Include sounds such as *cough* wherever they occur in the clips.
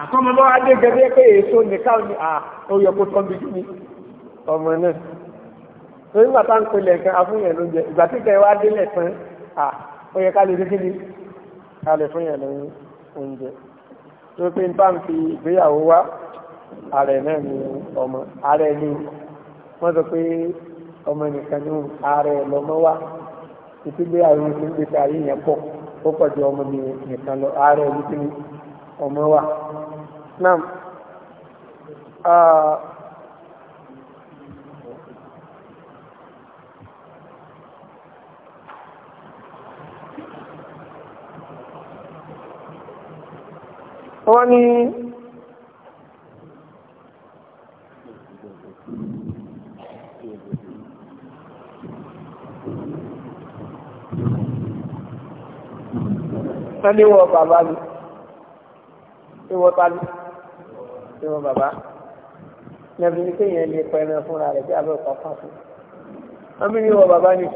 àkọ́mọ bá wá dé gẹ́gẹ́ pé èso nìkan ni ah, ó yẹ kó tọ́ bí jù ní ọmọ náà torí bàtà ń pelé ẹ̀kan afúnyẹ̀ ló jẹ ìgbà tí kẹ́ wá délẹ̀ tán ah, ó yẹ ká lè rí kíni ká lè fúnyẹ̀ lóyún oúnjẹ tó pé bá ń fi ìgbéyàwó wá ààrẹ náà ni ọmọ ààrẹ ni wọ́n sọ pé ọmọ nìkan ní ààrẹ lọ́mọ wá ìtúgbéyàwó ti ń gbèsè ayé yẹn pọ̀ ó pọ̀ ju ọmọ nìkan lọ ààrẹ ọmọ wa náà wọ́n ní wọ́n wọ́n bàbá mi ìwọ talu ìwọ bàbá nàbí ní kéèyàn lè pẹ̀rẹ̀ fúnra rẹ̀ bí abẹ́ ọ̀pá fà fún àmì ní ìwọ bàbá ni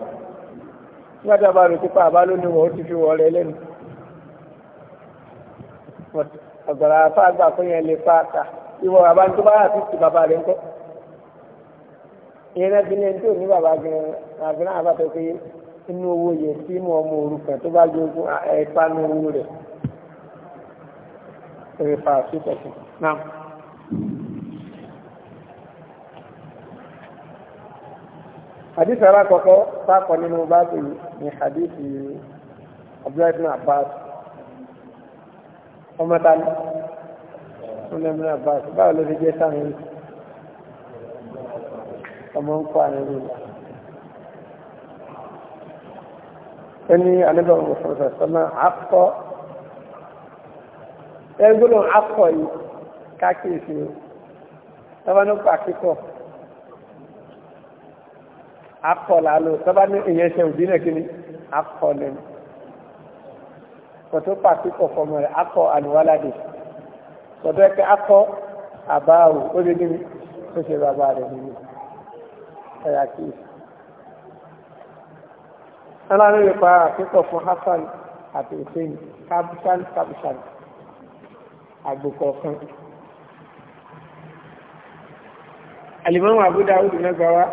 nígbà tí a bá rò sí pa àbá lónìí wọ́n ti fi wọ́ rẹ̀ lẹ́nu ọ̀gbọ̀nà afá àgbà kéèyàn lè pa àtà ìwọ bàbá ní tó bá yàtú sí bàbá rẹ̀ ńkọ́ ìyẹn náà bí lẹ́yìn tí ò ní bàbá gan-an àbí náà bá tọ́ pé inú owó yẹ sí mọ́ ọmọ òrukàn tó bá jogún ẹ̀ẹ́pánu owó فاسدة نعم حديث هراك وقو ساق من باب من حديث عبد الله بن عباس ومثلا عبد بن عباس قال الذي جاء ومن قال الله أني أنا بن محمد صلى الله عليه وسلم عقد ẹgbẹ́lọ́ akọ yìí káàkiri tọ́ba ní pa kíkọ akọ làálò tọ́ba ní ìyẹn ṣe òbí náà kí ni akọ lẹ́nu kòtò pa kíkọ fọmọ rẹ akọ àníwáládé kòtò ẹ̀kẹ́ akọ àbáwò ó lé níbi ó ṣe bàbá rẹ níbi ẹ̀yà kìí. Aláàánú lè pa àkíkọ̀ fún Hassan àti Hussein Kabushan Kabushan àgbò kọ̀ọ̀kan. alimami Abu Dawud náà gbà wá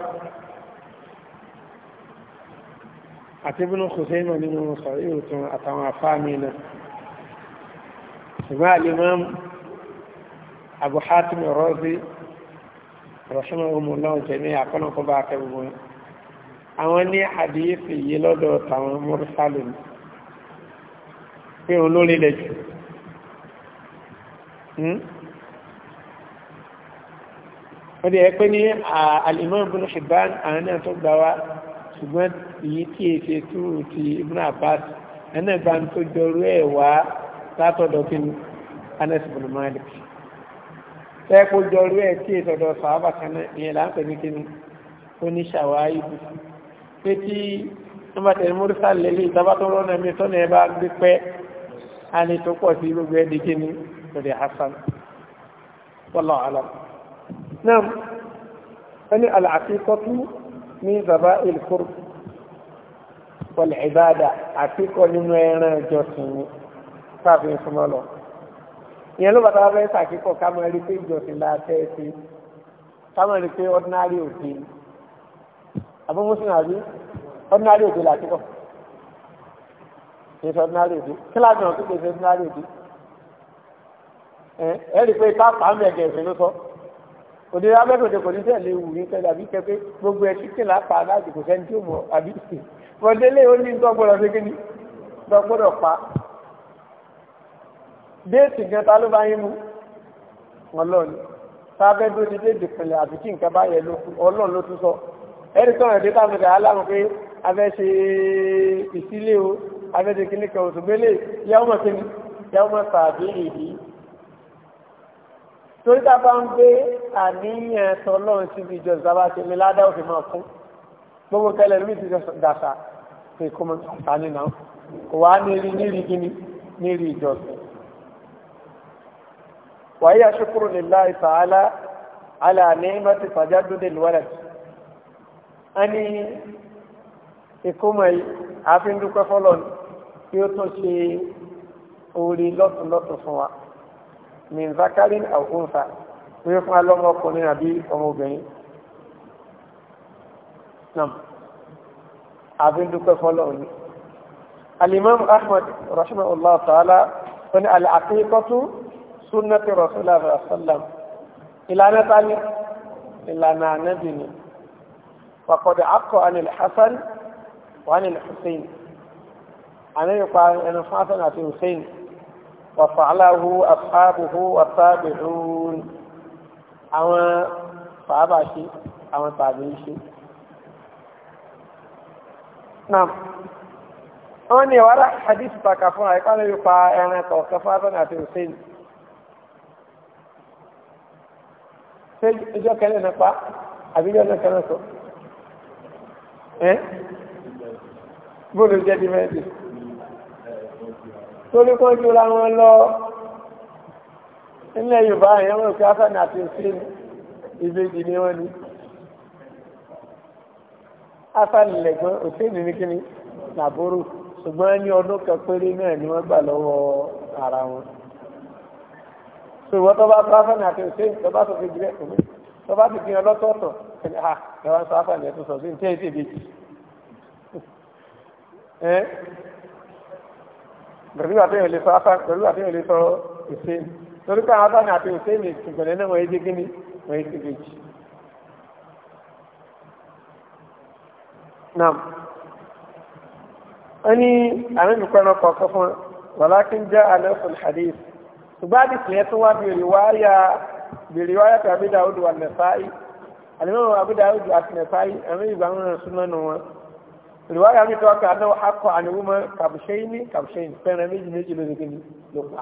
àti Ibn Khuzaimah nínú sọ̀rọ̀ ìrùtún àtàwọn afáàmì náà ṣùgbọ́n alimami Abu Hatim Ar-Razi rọ̀ṣọ́nà ọmọláwọn jẹ́mí àkọ́nàkọ́ bá akẹ́gbogbo wọn àwọn ní àdíyẹ́fì yìí lọ́dọ̀ tàwọn mọ́rúsálùmí pé òun wọ́n ti ẹ̀ pé ní al-Imam Ibn Hibban àwọn náà tó gbà wá ṣùgbọ́n èyí tí è ṣe túrù ti Ibn Abbas ẹ̀nà ìgbà tó jọrú ẹ̀ wá látọ̀dọ̀ kí ni Anas ibn Malik tẹ́kù jọrú ẹ̀ tí ìtọ̀dọ̀ sàábà kan náà ìyẹn láǹpẹ̀ ní kí ni oníṣàwáyé bù pé tí wọ́n bá tẹ̀lé mọ́rísà lélẹ̀ ìtàbátọ́rọ́ náà mi tọ́nà ẹ lórí hasan wallahu alam náà ẹni al-aqiqatu min zaba'il qurb wal ibada àkíkọ nínú ẹran ìjọsìn ni káàfin súnmọ́ lọ ìyẹn ló bàtà bẹ́ẹ̀ sàkíkọ ká máa rí pé ìjọsìn la fẹ́ ṣe ká máa rí pé ordinary òde àbí muslim àbí ordinary òde làkíkọ kì í ṣe ordinary òde kí láti hàn kí kì í ṣe ordinary òde ẹ rí i pé káàpá mẹ́gẹ̀ ẹ̀sìn ló sọ òde abẹ́tòde kò ní tẹ̀lé wù ní tẹ̀lé àbí tẹ́ pé gbogbo ẹ̀ kíkì lápá láti kò sẹ́ni tí ó mọ̀ àbí tì fọdélé ó ní dọ́gbọ́dọ̀ ṣe kí ni dọ́gbọ́dọ̀ pa déètì gan ta ló bá yín mú ọlọ́ọ̀ni sábẹ́ bí ó ti déètì pinlẹ̀ àbí kí nǹkan bá yẹ ló kú ọlọ́ọ̀ni ló tún sọ ẹ̀rí sọ̀rọ̀ dé táwọn ọ̀dà aláwọ̀ pé abẹ́ ṣe ìsílẹ̀ o abẹ́ ṣe kíní kan òṣùgbélé yàwó mọ̀ kíní yàwó mọ̀ sàbí ìdí torí tá a bá ń gbé àníyàn tọ́lọ́run síbi ìjọsìn tá a bá ṣe ní ládá òfin máa fún gbogbo tẹ́lẹ̀ lórí ti dàṣà pé kó máa dàṣà nínà kò wá ní rí nírí gíní nírí ìjọsìn. wàyí àṣekúrò nílá ìfàhálà aláàní mẹ́tì fàjádúdé lùwẹ́lẹ̀ a ní ìkómọ̀ àfihàn dúpẹ́ fọ́lọ́ ni kí ó tún ṣe orí lọ́tùnlọ́tùn fún wa min zakarin aw unsa wọ́n fún alọ́mọkùnrin àbí ọmọbìnrin nam àbí dúpẹ́ fọlọ́run ni alimam ahmad rahimahullah ta'ala wọ́n ní al-aqiqatu sunnati rasulillah sallam ìlànà tani ìlànà anabi ni wàkọ̀dẹ̀ akọ̀ anil hasan wa anil hussein àníyàn pa ẹnu fún hasan àti hussein وفعله أصحابه والتابعون أو صعب شيء أو صعب شيء نعم أني وراء حديث تكفون أيقان يقع أنا توقف أنا في الصين سيد إجو كان هنا قا أبي جانا كان هنا إيه بقول جدي ما يدري torí kó jura wọn lọ nílẹ̀ yorùbá yẹn wọ́n fi afẹ́nà àti òsín ìbejì ni wọ́n ní afẹ́nilẹ̀gbọ́n òsín ní kíni làbúrò ṣùgbọ́n ní ọdún kan péré náà ni wọ́n gbà lọ́wọ́ ara wọn ṣùgbọ́n tó bá tó afẹ́nà àti òsín tó bá tó fi jìlẹ̀ kùnú tó bá ti gbìyànjú lọ́tọ̀ọ̀tọ̀ ẹni à ah, ẹ̀wọ̀n sọ afẹ́nilẹ̀ tó sọ sí *laughs* pẹ̀lú àtẹ̀yìn lè sọ pẹ̀lú àtẹ̀yìn lè sọ ìsìn torí pé àwọn àtàní àti ìsìn mi ìgbẹ̀lẹ̀ náà wọ́n yé kíni wọ́n yé sí kejì. nam wọ́n ní àwọn ìlúkọ́ náà kọ̀ ọ̀kọ́ fún wọn wàlá kí ń jẹ́ alẹ́ fún hadith ṣùgbọ́n àti tiẹ̀ tó wá bèrè wáyà bèrè wáyà tó Abu Dawud wà nẹ̀sáì àlẹ́ mọ́ àti nẹ̀sáì àwọn ìgbà wọn sún mẹ́nu wọn riwaya mi tọ́ka anáwó akọ àníwúmọ́ kàbùṣẹ́yìní kàbùṣẹ́yìn fẹ́ràn méjì méjì ló dégé ní ló pa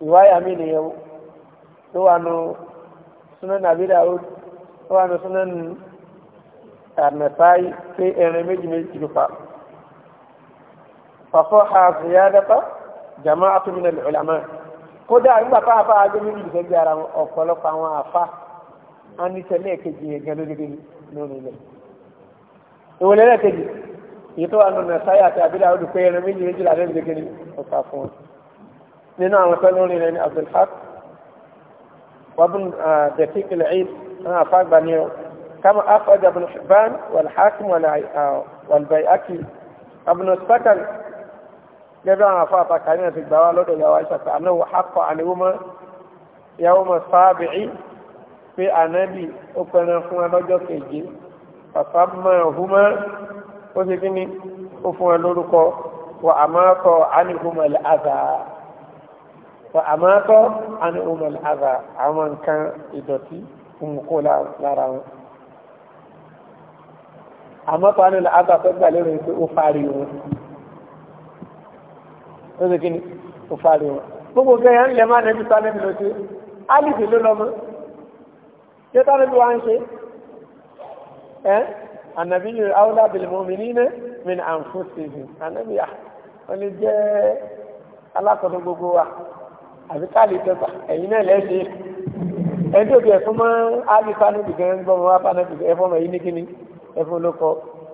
riwaya mi nìyẹn ló wà nù sunan abida ó wà nù sunan àmẹ́sáyì pé ẹran méjì méjì ló pa fàfọ́ ha ziyadata jama'atu min al-ulama kódà nígbà tá a fa agbé méjì lùsẹ́gbẹ́ ara ọ̀pọ̀lọpọ̀ àwọn àfa á ní sẹ́lẹ̀ kejì yẹn gan ló dégé ní lónìí lẹ́yìn ìwọlé lẹ́kẹ̀jì èyí tó wà nù nàṣáyà àti àbílẹ̀ àwọn olùkọ́ ẹran méjì méjì làbẹ́ ìgbége ni ó kà fún wọn nínú àwọn tó lórí rẹ ní abdulhaq wabun ah, dafiq al-eid wọn àfa gbà ní ọ kama akhraj ibn hibban wal-hakim wal-bayhaqi ah, ibn sakan gẹ́gẹ́ àwọn afọ àtàkàní àti gbà wá lọ́dọ̀ yàwó àìsàkà àná wò hápọ̀ àníwọ́mọ́ yàwó mọ̀ sáábìí pé ànábì ó pẹran fàfàmà húmá ó ṣe kíni ó fún ẹ lórúkọ wà àmọ́tọ̀ ánìhùmọ̀ àzà wà àmọ́tọ̀ ánìhùmọ̀ àzà àwọn nǹkan ìdọ̀tí òmùkó lára wọn àmọ́tọ̀ ánìhùmọ̀ àzà tó gbà lérò pé ó fárí wọn ó ṣe kíni ó fárí wọn gbogbo kẹyà ń lẹ máa nẹbi sálẹ mi lọ alìsí ló lọ mọ yóò tá lóbi wá ń ṣe ẹ́ ànàbí yìí áwùlá bìlìmọ́mì nínú mi ní àǹfọ̀sìsì ànàbí yà wọ́n lè jẹ́ alákọ̀ọ́dọ́ gbogbo wa àbí káàlì tọ́ta ẹ̀yin náà lẹ́sẹ̀ ẹni tó bí ẹ̀fọ́ máa ń áàlì fánàbì gan gbọ́mọ wá fánàbì ẹ̀fọ́ mọ̀ yìí ní kíni ẹ̀fọ́ ló kọ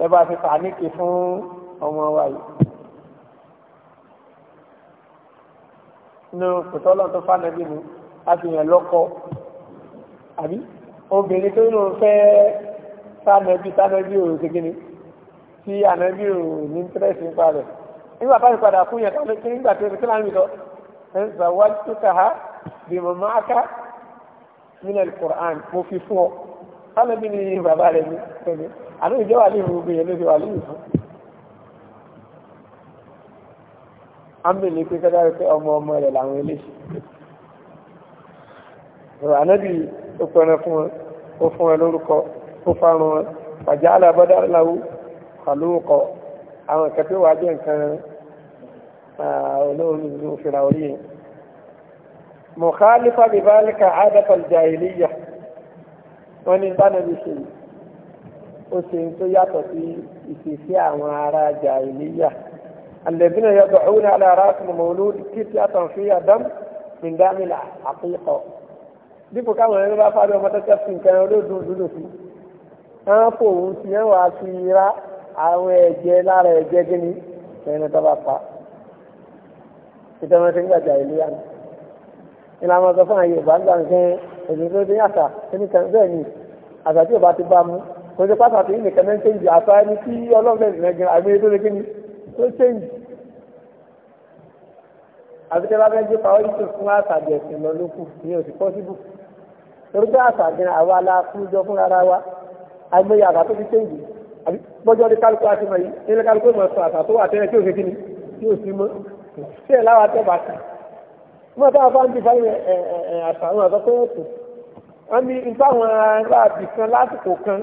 ẹ̀bá fi pàníkì fún ọmọ wa yìí. nínú kòtọ́lọ́ tó fánàbì mu a fi yàn lọ́kọ àbí obìnrin tó ń fẹ́ẹ́ sánẹ́bí sánẹ́bí ò ṣègìní tí ànẹ́bí ò ní tẹ́lẹ̀sì ń parẹ̀ nígbà bá ti padà fún yẹn kálẹ̀ kí nígbà tó ti láàrin lọ ẹ̀ ń sà wá tó kà á bí mo máa ká nílẹ̀ Qur'an mo fi fún ọ sánẹ́bí ni bàbá rẹ̀ ní pẹ̀lú àná ìjọ wà lóyún gbogbo yẹn ló fi wà lóyún fún. àmì ní pé kẹ́kẹ́ pé ọmọ ọmọ rẹ̀ làwọn eléyìí ọ̀rọ̀ ànábì ó pẹran fún ọ ó fún ẹ lórúkọ ó farun wọn pàjá alábọ́dá láwú àlóòkọ àwọn ìkẹ́pẹ́ wàá jẹ́ nǹkan olóòrùn ìlú òfìrà orí yẹn mọ̀kálífà bíbálíkà àádọ́tọ̀ jàìlíyà wọ́n ní bánàbí ṣe ó ṣe tó yàtọ̀ sí ìṣesí àwọn ará jàìlíyà الذين يضعون على راسهم مولود كتلة فيها دم من دم العقيقة. دي بكام أنا بقى فاضي وما تكفي كانوا دول دول دول wọ́n fòun si wọ́n wá fi ra àwọn ẹ̀jẹ̀ lára ẹ̀jẹ̀ gíní ẹni tó bá pa ìtọ́mọ̀ tí ń gbàjà ni ìlànà ọ̀sọ̀ fún àyè ìbá nǹkan ẹ̀sìn tó dé àṣà ẹni kan bẹ́ẹ̀ ni àṣà tí ti bá mu kò sí pàtàkì ní nìkan náà ń tẹ́jì àṣà ẹni tí ọlọ́ọ̀fẹ́ ìrìn ẹgbẹ́ àmì ètò lè kíni tó tẹ́jì àti tẹ́lá fẹ́ gbé pàwọ́ yìí fún àṣà àìmọye àbá tó ti ṣéǹjì àbí gbọ́jọ́ ní kálukú àti mọ̀ yìí nílé kálukú ìmọ̀ sọ àtà tó wà tẹ́lẹ̀ tí ò ṣe kí ni tí ò sí mọ́ tí ẹ̀ láwa tẹ́ bá kà mọ́ táwọn bá ń bí fáyín àṣà wọn àtọ́ pé ẹ̀tù wọ́n ní ìtàwọn ará àbìkan lásìkò kan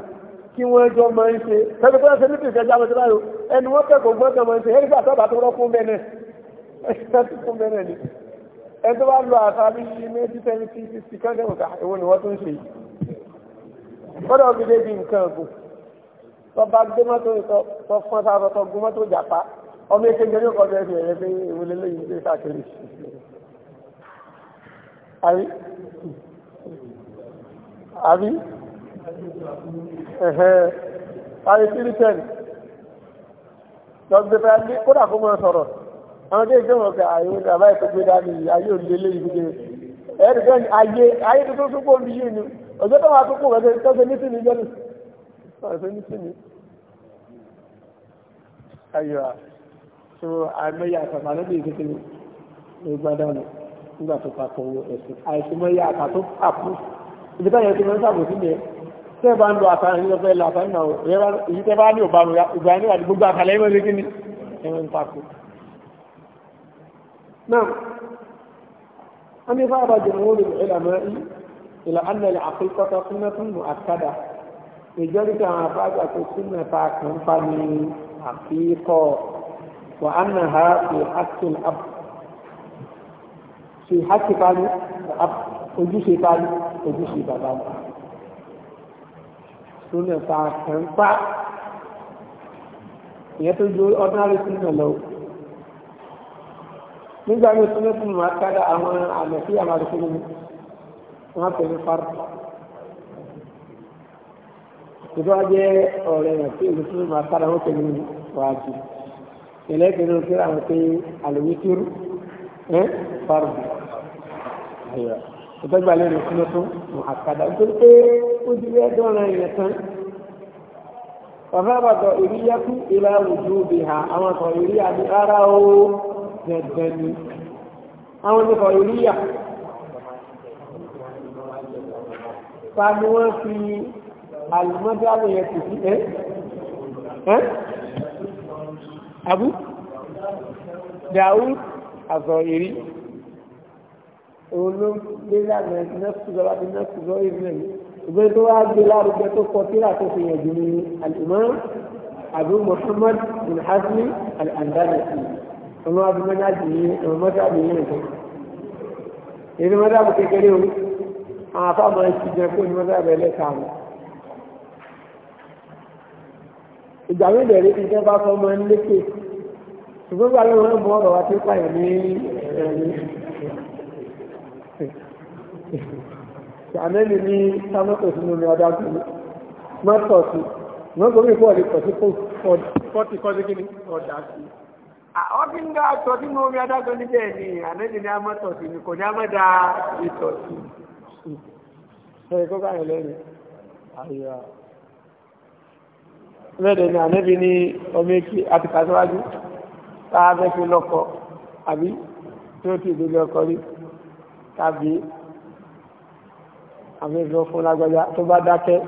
kí wọ́n jọ máa ń ṣe pẹ̀lú pé wọ́n ṣe nítorí ìṣẹ́jà wọn ti báyò ẹni wọ́n kẹ́kọ̀ọ́ gbọ́n máa ń ṣe ẹni gbàtọ́ bá tó rọ́ fún bẹ́ẹ̀ náà ẹni tó bá lọ àṣà bí méjì tẹ́ni tí ti kan kẹ́kọ̀ọ́ ni wọ́n tó ń ṣe yìí kọ́dọ̀ fi débi nǹkan ọ̀gùn tó bá gbé mọ́tò tó fọ́n sáfọ́ tó gún mọ́tò jàpá ọmọ ètò ìjọ ní ọkọ̀ bẹ́ẹ̀ fi ẹ̀rẹ́ pé ìwé lélẹ́yìn ló ṣàkiri. àbí àbí àbí kírísítẹ́nì lọ́gbẹ́ fẹ́ ní kódà kó máa sọ̀rọ̀ àwọn tó ìjọba ọ̀gá àìwé bàbá ìtọ́gbé dání ayé òlélẹ́yìn gbé ẹ̀rí bẹ́ẹ̀ ni ayé ayé tuntun tó pọ̀ bí yìí ni ọjọ́ tó máa tó kù wẹ́sẹ̀ tó ṣe mítìmí jọ́nù ṣe mítìmí. ayọ̀ so àìmọye àtàkùn àlẹ́bí ìdíkìlì ló gbádà nù nígbà tó papọ̀ owó ẹ̀sìn àìsímọye àtà tó àpò ibi táyà ti mọ́ sábò sí nìyẹn tẹ́ ẹ bá ń lo àtàrin ní ọ̀fẹ́ ilẹ̀ àtàrin náà èyí tẹ́ bá ní òbámu ìgbà ní àdìgbò gbogbo àkàlẹ́ ẹ̀mọ́ ìrèké ni ẹ̀mọ́ ń papò. náà wọ́n ní fáwọn àbájọ ìwọ́n إلى أن العقيقة سنة مؤكدة لذلك ما فاجأة السنة فأكمل عقيقة وأنها في حق الأب في حق فاني الأب وجوشي فاني وجوشي بابا سنة فأكمل يتجو الأرنال سنة لو من سنة مؤكدة أمانا على المسيح على wọ́n pè ní fárú. ìbá jẹ́ ọ̀rẹ́ rẹ̀ tí èmi tún máa sára wọ́n pè ní wájú. ìlẹ́gbẹ̀ẹ́ ló kí àwọn pé àlùwítírù ẹ́ fárú. ìtọ́gbà lẹ́nu súnmọ́ tún mọ̀ àkàdá nítorí pé ó di ẹjọ́ ọ̀rẹ́ yẹn tán. bàbá àbàdọ̀ ìríyàkú ìlà àwùjọ òbí ha àwọn kan ìrí àbí rárá o dẹ̀dẹ̀ ni. àwọn ti kọ̀ ìríyà ta ni wọ́n fi alìmọ́dáwò yẹn ti fi ẹ́ ẹ́ abu daud azọ̀ìrí olóńgbé lánàá nẹ́kùzọ́ láti nẹ́kùzọ́ ìrìnlẹ̀ ìgbé tó wá gbé lárugẹ tó kọ tíra tó fi yànjú ní alìmọ́ abu muhammad bin hasmi al-andalusi ọmọ abúmọ́dájì ní ọmọ mọ́dájì ní ẹ̀kọ́ èyí mọ́dájì kékeré àwọn afáàmọ́ ẹ̀sìn jẹ́ kó ní mọ́tà ẹ̀bẹ̀ lẹ́kàrún ìgbà mi bẹ̀rẹ̀ ti jẹ́ bá fọmọ ẹ̀ lékè ṣùgbọ́n bá lọ́wọ́ ẹ̀ mú ọ̀rọ̀ wa tó pààyàn ní ẹ̀rẹ̀ àmẹ́lì ní sámọ́tò sínú ní ọdá tó mọ́tò sí wọ́n gbọ́ mi fọ́ ọ̀dẹ omi adájọ́ níbẹ̀ ni àmẹ́lì ní amọ́tò sí ni kò ní amọ́dá ìtọ̀ sí ẹ̀rẹ̀ kọ́kọ́ àyẹ̀ lẹ́rìn àyà mẹ́rẹ̀ ni ànẹ́bí ní ọmọ èkì àti kàṣíwájú tààbẹ́ fi lọ́kọ̀ àbí tí ó ti ìdílé ọkọ̀ rí tàbí àmì ìfẹ́ fún lágbàjá tó bá dákẹ́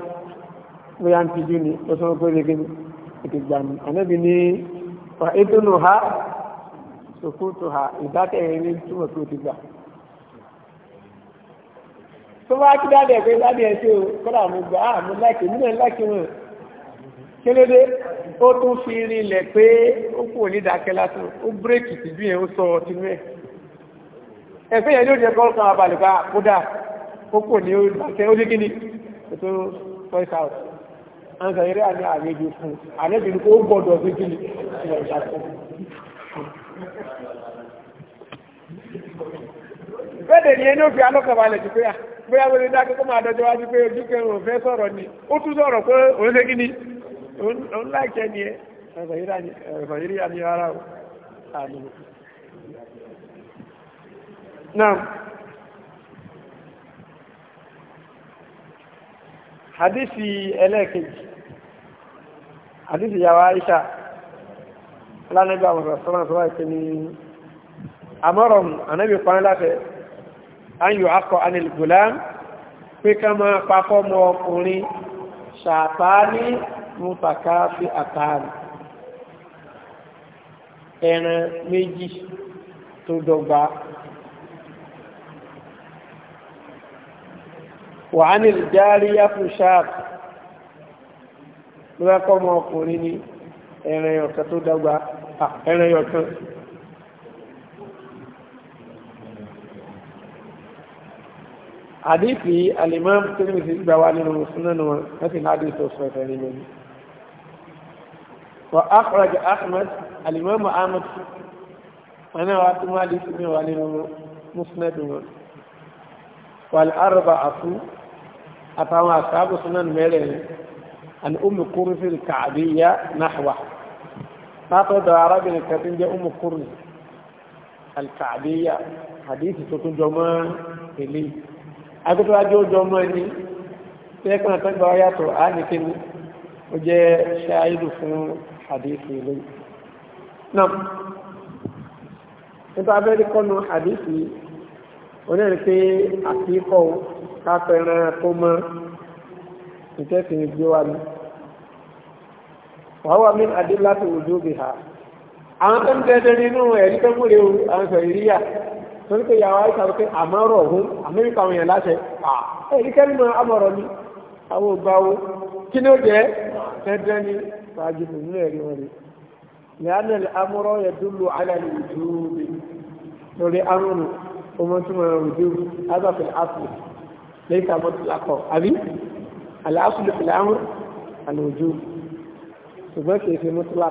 bóyá ń tijú ni ó sọ pé lè ètò ìgbà ni ànẹ́bí ní fa ètò nù ha sòkútù ha ìdákẹ́ ẹ̀rin túmọ̀ pé ti gbà tó bá kí pé dáadé ẹ ṣe o kọ́dà mo gbà á ah, mo láìkè mí náà láìkè wọn kí ló dé ó tún fi pé ó ní ìdákẹ́ ó bírèkì yẹn ó sọ ẹ̀fẹ́ yẹn kọ́ abalẹ̀ ká ó ní ìdákẹ́ ah, ó out eré àmì àlejò fún àlejò ní kó bóyá wọlé dákẹ́ kó máa dọjọ́ wájú pé ojú kẹrin ò fẹ́ sọ̀rọ̀ ni ó tún sọ̀rọ̀ pé òun ṣe kí ni òun láìkẹ́ ni ẹ ẹ̀fọ̀yírí àmì ara ò àmì náà hadisi ẹlẹ́ẹ̀kejì hadisi yàwó aisha lánàá bí àwọn ọ̀sán àti wáyé pé ní amọ́rọ̀ ànábì pàrọ̀ láfẹ́ ayò akọ anìlùgbòlám pé ká máa papọ̀ mọ́ ọkùnrin ṣàtàní mútàká sí àtàrí ẹran méjì tó dọ́gba wà anìlùjárí yáfùsáàt lọ́wọ́kọ́ mọ́ ọkùnrin ni ẹran ọ̀kan tó dọ́gba ẹran ọ̀kan àdífì alimam Tirmidhi gbà wá nínú sunan wọn láti náàdì tó sọ ẹ̀fẹ̀ nínú ni wà akhraj ahmed alimam ahmed wọn wá tó má àdífì mi wá nínú musnad wọn wal arba'atu àtàwọn àṣàbù sunan mẹ́rẹ̀ẹ̀rin an umu kurufin ka'adiyya nahwa látọ̀dọ̀ arábìnrin kan tí ń jẹ́ umu kurufin al-ka'adiyya hadith tó tún jọ mọ́ eléyìí agbẹ́tọ́lájú ọjọ́ ọmọ ẹni tẹ́ẹ̀kan àtọ́gbà yàtọ̀ á ní kí ni ó jẹ́ ṣááìlú fún àdéhùn ilé náà nípa abẹ́rẹ́ kọ́nu àdéhùn onírìn pé àkíkọ́ kápẹ́ran tó mọ́ ìtẹ́sìn gbé wa ní wàá wà mí àdé láti òjò bìhà àwọn tó ń tẹ́tẹ́ nínú ẹ̀rí tó múre o àwọn sọ̀rọ̀ ìríyà torí pé ìyàwó àìsà pé àmọ́rọ̀ ọ̀hún amẹ́ríkà wọn yẹn láṣẹ ẹ̀rí kẹ́rìmọ̀ àmọ̀rọ̀ ni àwọn ògbà wo kí ni ó jẹ́ ẹ̀dẹ́ ni ṣáájú nínú ẹ̀rí wọn ni lẹ́yìn àmọ́rọ̀ yẹ dúró alẹ́ ìdúró lórí amúnù ọmọ tí wọn rò dúró azáfẹ́ àfẹ́ lẹ́yìn àmọ́ lakọ̀ àbí àlàáfẹ́ lẹ́yìn àmọ́ àlòjú ṣùgbọ́n kì í ṣe mọ́tílá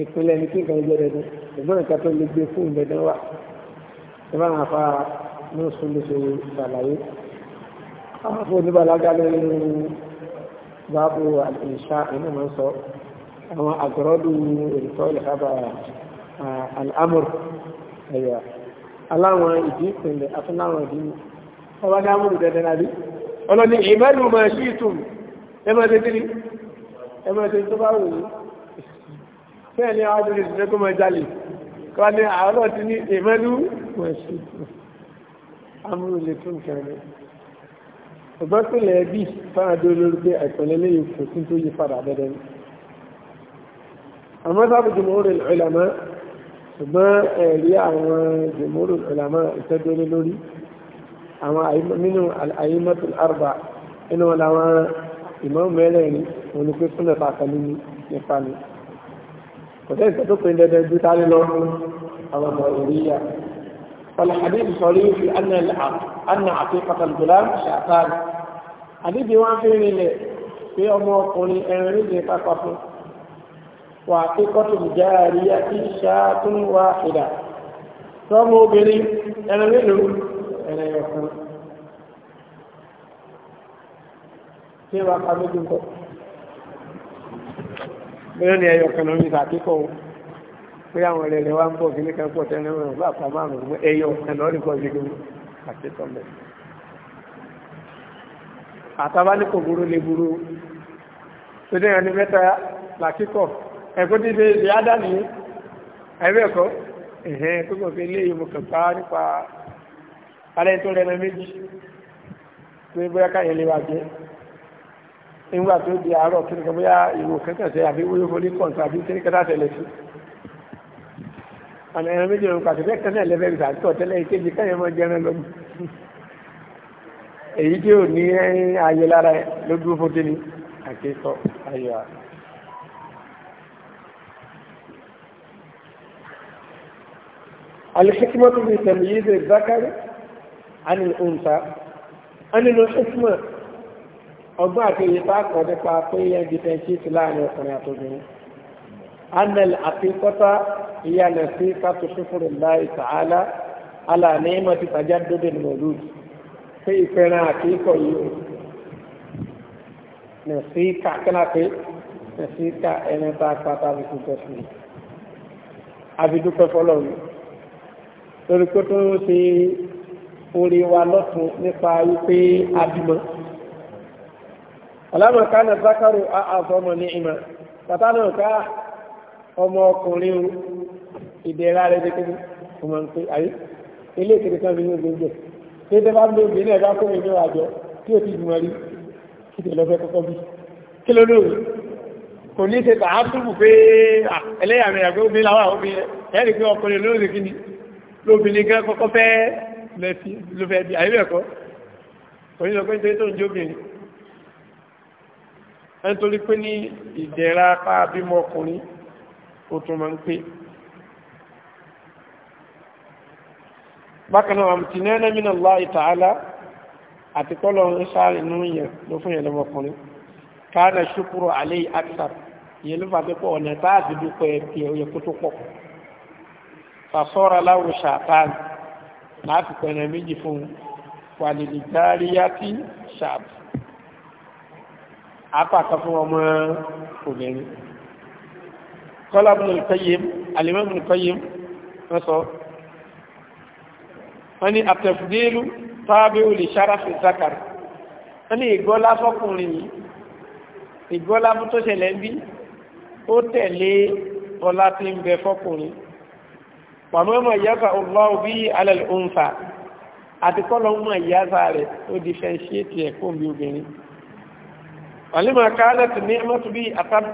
ìpínlẹ̀ ní kí nǹkan ló gbọ́dọ̀ dún ṣùgbọ́n nǹkan tó lè gbé fún ìgbẹ́dẹ́ wà ẹ máa ń fa mọ́sùn ló ṣe ṣàlàyé àwọn afọ oníbàlágà lórí báàbò àìṣà inú máa ń sọ àwọn àgọ́rọ́dù èrìkọ́ ìlẹ̀kábà al'amur ẹ̀yà aláwọn ìdí ìpínlẹ̀ àtúnláwọn ìdí ọba ní amúrù dẹ́dẹ́ náà bí ọlọ́ni ìmẹ́lù máa ṣí ìtùm ẹ máa ṣe kiri ẹ máa ṣe tó bá wù yìí bẹ́ẹ̀ ni àwọn obìnrin ìsinmi kó máa jalè kọ́ ni àárọ̀ ti ní ìmẹ́lú wẹ̀sùn amúrúlé tó ń kẹrin ọgbọ́n tó lẹ̀ bí fáwọn adé olórí pé àìpẹ̀lẹ̀ lẹ́yìn kò sí ṣùgbọ́n ẹ̀rí àwọn jùmọ̀rò ìlànà ìtẹ́jọ́ lórí àwọn nínú àyímọ́tò àrùbà inú wọn làwọn ìmọ̀ mẹ́rẹ̀ẹ̀rin wọn ni pé fúnlẹ̀ pàtàkì nípa ni kò tẹ́ ìsẹ́ tó pé dandan ju tani lọ àwọn ọmọ ìrìyà فالحديث صريح أن أن عقيقة الغلام شعثان àdídì wá fi rinlẹ̀ pé ọmọ ọkùnrin ẹ̀rin méje pápá fún wà pé kọ́tùn jẹ́ àríyá tí ṣáàtún wá ìdá tọ́mọ obìnrin ẹ̀rin mélòó ẹ̀rin ẹ̀kùn tí wà ká méjì ń bóyá ní ẹyọ kan lórí ìsàkíkọ̀ o pé àwọn ọ̀rẹ́ rẹ̀ wá ń bọ̀ kí ní kan pọ̀ tẹ́lẹ̀ wọn bá pa márùn ún ẹyọ kan lórí kọ́ sí gbogbo àkíkọ̀ mẹ́. àtàbá ní kò burú lè burú tó dé ìrìn mẹ́ta làkíkọ̀ ẹ̀kọ́ ti ṣe ìṣe ádá nìyí ẹ̀rẹ́ ẹ̀kọ́ ẹ̀hẹ́n tó kọ̀ fi léyìn mo kàn pa nípa alẹ́ tó rẹ̀ mẹ́ pé bóyá káyẹ̀ lè wà jẹ́ nígbà tó di àárọ̀ kí ni kan bóyá ìwò kẹtẹ̀sẹ̀ àbí wíwí fún oníkọ̀ǹtà àbí kí ni kẹta tẹ̀lẹ̀ sí. àná ẹran méjì ló ń pàṣẹ bẹ́ẹ̀ kẹ́nà ẹ̀lẹ́fẹ́ bí sàtọ̀ tẹ́lẹ̀ ìkejì káyọ̀ mọ́ jẹ́rán lọ́mú. èyí tí ò ní ayé lára ló dúró fún kíni àkẹ́kọ̀ọ́ ayọ̀ àrùn. الحكمة في تمييز الذكر عن الأنثى أن الحكمة ọgbọ́n àkẹyẹ bá kọ̀ nípa pé yẹn dìfẹ́ǹṣíìtì láàrin ọkùnrin àtòbìnrin annal àfikọ́tà ìyá lẹ̀ sí kátó ṣúfúrù láì tààlà alàníìmọ̀ ti tàjá dóde nìmọ̀lú pé ìfẹ́ràn àkíkọ̀ yìí lẹ̀ sí kàkínàpé lẹ̀ sí ká ẹni tá pátá fi kú jọ fọlọ́run lórí pé ń ṣe orí wa lọ́tún nípa wípé abímọ alámọ̀ ká na zakaru àfọmọ ní ìmọ̀ bàtà náà ká ọmọ ọkùnrin ìdẹ̀ra rẹ̀ dékun ọmọ ń pè ayé ilé ìkiri kan fi ní oúnjẹ jẹ tí ó bá ń lé obìnrin ẹ̀dá fún ìjọ àjọ tí ó ti jùmọ̀ rí kí tẹ̀ lọ́fẹ́ kọ́kọ́ bí kí ló lóòrùn kò ní ṣe tàá túbù pé ẹlẹ́yàmẹ̀yà pé obìnrin làwọn àwọn obìnrin ẹ̀rí pé ọkùnrin lóòrùn kí ni lóbìnrin gan kọ́kọ́ fẹ́ lẹ́fí ló fẹ́ bí àyẹ̀bẹ̀kọ́ onílọ́pẹ́ nítorí tó ń jóbìnrin nítorí pé ní ìdẹ̀ra apá bímọ ọkùnrin ó tún máa ń pé bákan náà àmì tìǹẹ́nà min Allah ta'ala àti kọ́lọ̀ ń sáré nú yẹn ló fún yẹn lọ́mọkùnrin káàdà ṣukuru alẹ́ láti pẹ̀lẹ́ méjì fún wàlìlì dáríyá tí ṣàbù apákan fún ọmọ obìnrin kọ́lá bùnú kọ́yìm àlìmọ́ bùnú kọ́yìm wọ́n sọ wọ́n ní àtẹ̀fùdéèlú tàbí olè sáráfì zakari wọ́n ní ìgbọ́lá fọ́kùnrin yìí ìgbọ́lá fún tó ṣẹlẹ̀ ń bí ó tẹ̀lé ọlá tí ń bẹ fọ́kùnrin pàmọ́mọ̀ ìyáfà ọlọ́wọ́ bí alẹ́ òǹfà àti kọ́lọ́mọ̀ ìyáfà rẹ̀ ó differentiate ẹ̀ kó mi obìnrin ولما كانت النعمة بي أتم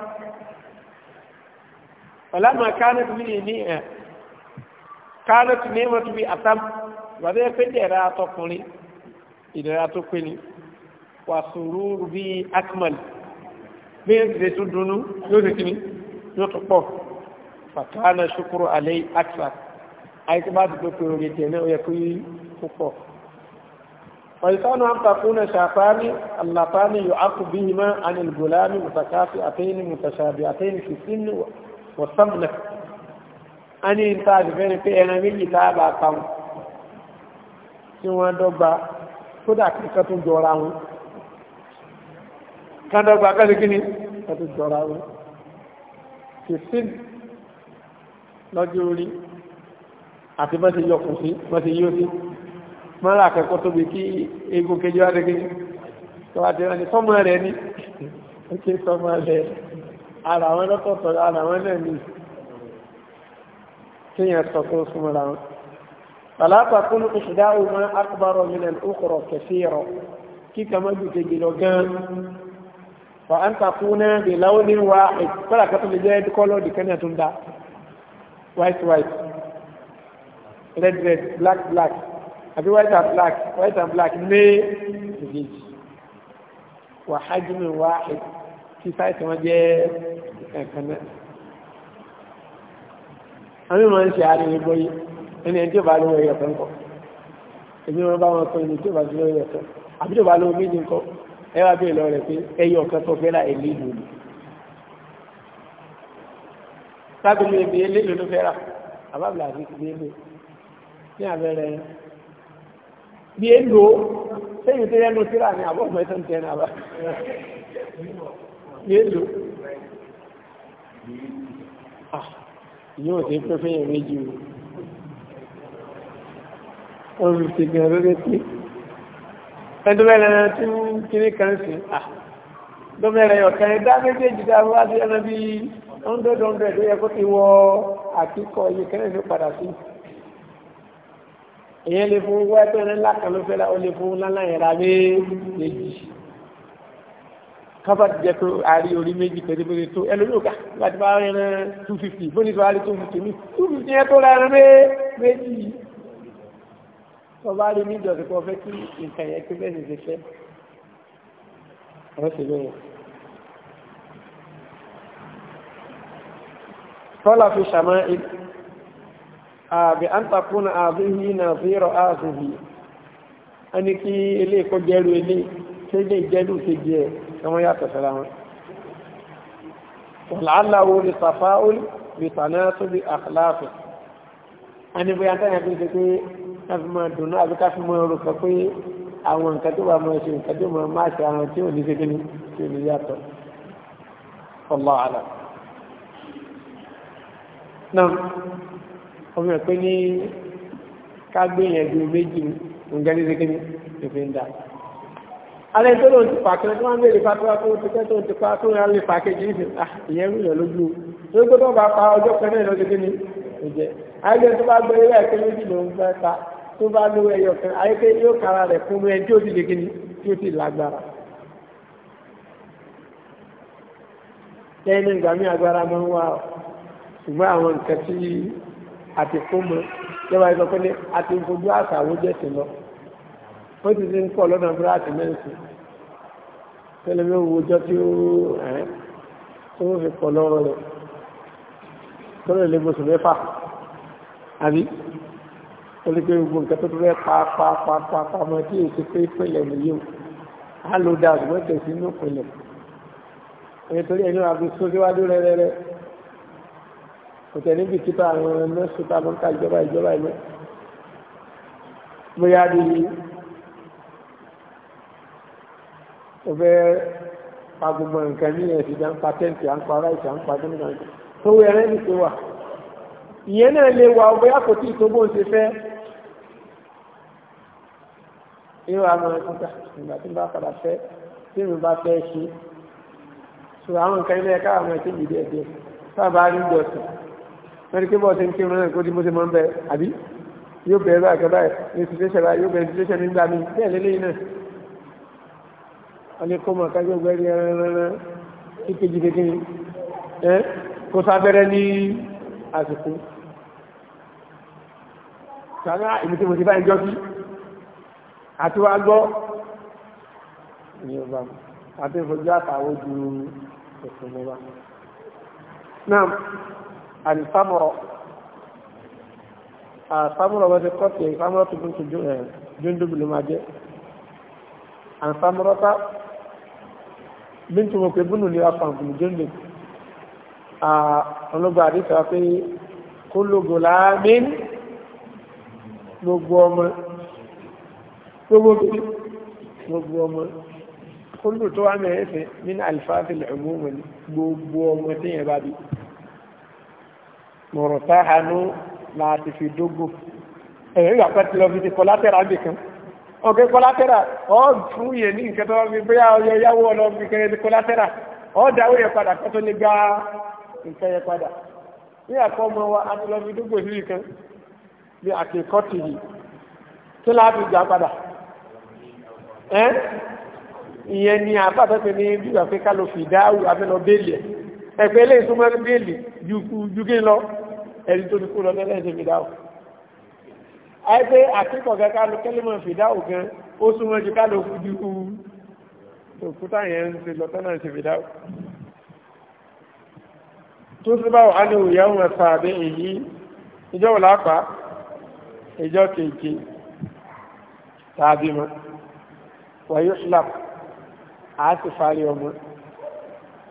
ولما كانت بي نعمة كانت نعمة بي أتم وذي فجرة تقولي إذا تقولي وسرور بي أكمل بيزي تدنو يوزكني يتقف فكان شكر عليه أكثر أي تبعد تقولي تينا يكوي تقف فإنسان أن تكون شافان اللتان يعق بهما عن الغلام متكافئتين متشابهتين في السن والسمنة أني إنت عارفين في أنا من كتاب أقام سوى دوبا كذا كتو جوراه كان دوبا كذا كني كتو جوراه في السن لجولي أتبقى يوكسي ما تيوسي mọ́lá àkẹ́kọ́ tó bí kí egun kejì wá dégé tó wá dẹ́rẹ́ ní sọ́mọ́ rẹ̀ ní ókè *laughs* sọ́mọ́ rẹ̀ ara wọn lọ́tọ̀ọ̀tọ̀ ara wọn náà ní kíyàn sọ kó súnmọ́ ra wọn. Bàlápà kún ìṣẹ̀dá òun akọbárọ̀ mílẹ̀ òkùrọ̀ kẹfìrọ̀ kí kàmá ju kejì lọ gan. Wà á ń takún náà bí láwọn ní wa ìpàdà kátó lè jẹ́ kọ́lọ́ dìkẹ́nà tó ń da white white red red black black àbí white and black white and black ní ìdíjì wà hajjimi wá tí sáìtì wọn jẹ́ ẹ̀kan náà àwọn ìmọ̀ ń ṣe àárín ìgbó yìí ẹni ẹni tí ó bá lówó ẹyọ kan kọ èmi wọn bá wọn kọ ẹni tí ó bá lówó ẹyọ àbí tí bá lówó méjì kọ ẹ wá bèèrè lọ rẹ pé ẹyọ kan tó fẹ́ láì lé ìlú lábìlú ẹbí eléèlú ló fẹ́ rà àbábìlà àti ìdílé ní abẹ́rẹ́ bí èlò sẹ́yìn tó yẹnu síra ní àbọ̀ ọmọ ẹ̀sán tẹ́ náà bá bí èlò yóò tí pẹ́fẹ́ yẹn méjì o ọrùn ti gan lórí pé ẹdúmẹ́rẹ́ tí ń kiri kan sí à ah, dọ́mẹ́rẹ́ ọ̀kan ẹ̀dá méjèèjì dáhùn wá sí ẹran bí 100 100 ó yẹ kó ti wọ àkíkọ iye kẹ́rẹ́fẹ́ padà sí èyàn lè fún wá ẹgbẹ́ rẹ ńlá kan ló fẹ́ la ó lè fún ńláńlá yẹn ra lé méjì kábàtì jẹ pé àárí orí méjì pẹ̀lú tó ẹlòmíòkà láti bá rẹ two fifty bóni tó àárí two fifty mi two fifty yẹn tó ra rẹ méjì tọ́ba rí níjọsìn kan fẹ́ kí nǹkan yẹn pé bẹ́ẹ̀ ṣe fẹ́ ọ̀rọ̀ ṣe bẹ́ẹ̀. fi ṣàmọ́ بأن تكون هذه نظير هذه ẹni kí ilé kó jẹ́rú ilé tí lè jẹ́rú ti jẹ́ ọmọ yàtọ̀ sára wọn wàláàláwò lè tàfà ó lè tàná tó bí àkàláàfẹ́ ẹni bóyá tẹ́yà fi ń ṣe pé káfí máa dùnú àbí káfí máa rò pé àwọn nǹkan tó bá máa ṣe nǹkan tó máa máa ṣe àwọn tí ò ní ṣe kíní tí ò ní yàtọ̀ Allahu a'lam ọmọ ẹ̀pẹ́ ní kágbéyànjú méjì nǹkan ní ṣékíní ìfẹ́ ń dà alẹ́ tó lóun ti pàkẹ́ tó máa ń béèrè fatuwa tó ti pẹ́ tó ti pa tó ń lè pàkẹ́ jì ní ah, ìyẹn rú yàn lójú tó gbé tó bá pa ọjọ́ kan náà lọ́dún kíní ìjẹ́ ayé tó bá gbé ilé ẹ̀kẹ́ méjì ló ń fẹ́ ta tó bá ẹni tí agbára máa ń wá ṣùgbọ́n àwọn nǹkan àti kómo yẹ́n máa sọ pé ní àti nkojú àṣà àwòjẹ́ sí lọ ó ti ti ń pọ̀ lọ́nà búrọ́dì mẹ́sì tẹ́lẹ̀ mi ò wojọ́ tí ó ẹ̀ tó ń fi pọ̀ lọ́rọ̀ rẹ̀ tó lè lè gbóṣù mẹ́fà àbí ó lè gbé gbogbo nǹkan tó tó fẹ́ pa pa pa pa pa mọ́ tí èsì pé ìpínlẹ̀ nìyí o á lo dáàbò mọ́tẹ̀ sínú ìpínlẹ̀ nítorí ẹni wàá fi sókè wájú rẹ̀ rẹ̀ rẹ̀ kò tẹ̀ níbi kíta àwọn mẹ́sùn tá a mọ́ ká ìjọba ìjọba ìlú bóyá bí o fẹ́ pa gbogbo nǹkan ní ẹ̀sìn ìjà ń pa tẹ́ǹtì à ń pa ráìsì à ń pa gómìnà tó wẹ̀ rẹ́ nìkan wà ìyẹn náà lè wà ọgbẹ́ àkótí ìtógbó ń ṣe fẹ́ irú àwọn ẹ̀kúta ìgbà tí bá padà fẹ́ tí mi bá fẹ́ ṣe ṣùgbọ́n àwọn nǹkan ilé ẹ̀ka àwọn ẹ̀kẹ́ ìdí ẹ̀dẹ́ sábà rí ìjọsìn wọ́n ti pé bọ́ọ̀sẹ̀ ń kírun náà kó di mo ṣe máa ń bẹ àbí yóò bẹ̀rẹ̀ báyìí kan báyìí ní situation báyìí yóò bẹ̀rẹ̀ situation nígbà mi bẹ́ẹ̀ lélẹ́yìn náà wọ́n ní kó mọ̀ kájọ́ gbẹ́rí ẹran ìkejì kékeré ẹ́ kó sábẹ́rẹ́ ní àsìkò sàrá ìmìtí mo ti bá ẹjọ́ sí àti wá gbọ́ ní ọba àti ìfojú àtàwọn ojú ìfòmọ́ba náà àlìfámọ̀rọ̀ àfámọ̀rọ̀ wọ́n ti kọ́tì ìfámọ̀rọ̀ tó fún jùndùbù ló máa jẹ́ àfámọ̀rọ̀ tá bíntu mo pé bínú ni afọ àǹfààní jùndùbù ọlọ́gbà àdìsá pé kó lógo láàmì gbogbo ọmọ gbogbo gbogbo ọmọ kó lò tó wà mẹ́rin ẹ̀sìn nínú àlìfáàfì lẹ́gbọ̀n gbogbo ọmọ tí yẹn bá bí. mùrùtáhánú láti fi dógò ẹ̀yìn ìgbà pẹ́ tí lọ fi ti kọlátẹ́rà bì kan ọ̀gẹ́ kọlátẹ́rà ọ́ fún yẹn ní nǹkan tó wọ́n fi bóyá ọyọ yáwó ọlọ́ọ̀bì kẹrẹ́ ti kọlátẹ́rà ọ́ dáwó padà kó tó lè gba nǹkan padà ní wa a ti lọ fi dógò sí kan bí ti yìí láti gbà padà ẹ́ ìyẹn ni ní bí wà ẹ̀fẹ́ lè súnmọ́ ní bíèlì jùkí lọ ẹni tó ní kú lọ lẹ́lẹ́ ṣe fìdáwò àìpé àkíkọ̀ gẹ́gẹ́ ló kẹ́lẹ́mọ̀ fìdáwò gan ó súnmọ́ jù ká ló fojú kú òkúta yẹn ń ṣe lọ́tọ́ náà ṣe fìdáwò tó sì báwò á ní òyà ń wọ̀n sàbẹ̀ èyí ìjọ wò lápá ìjọ kèké tàbí mọ́ wàyó slap àá sì fárí ọmọ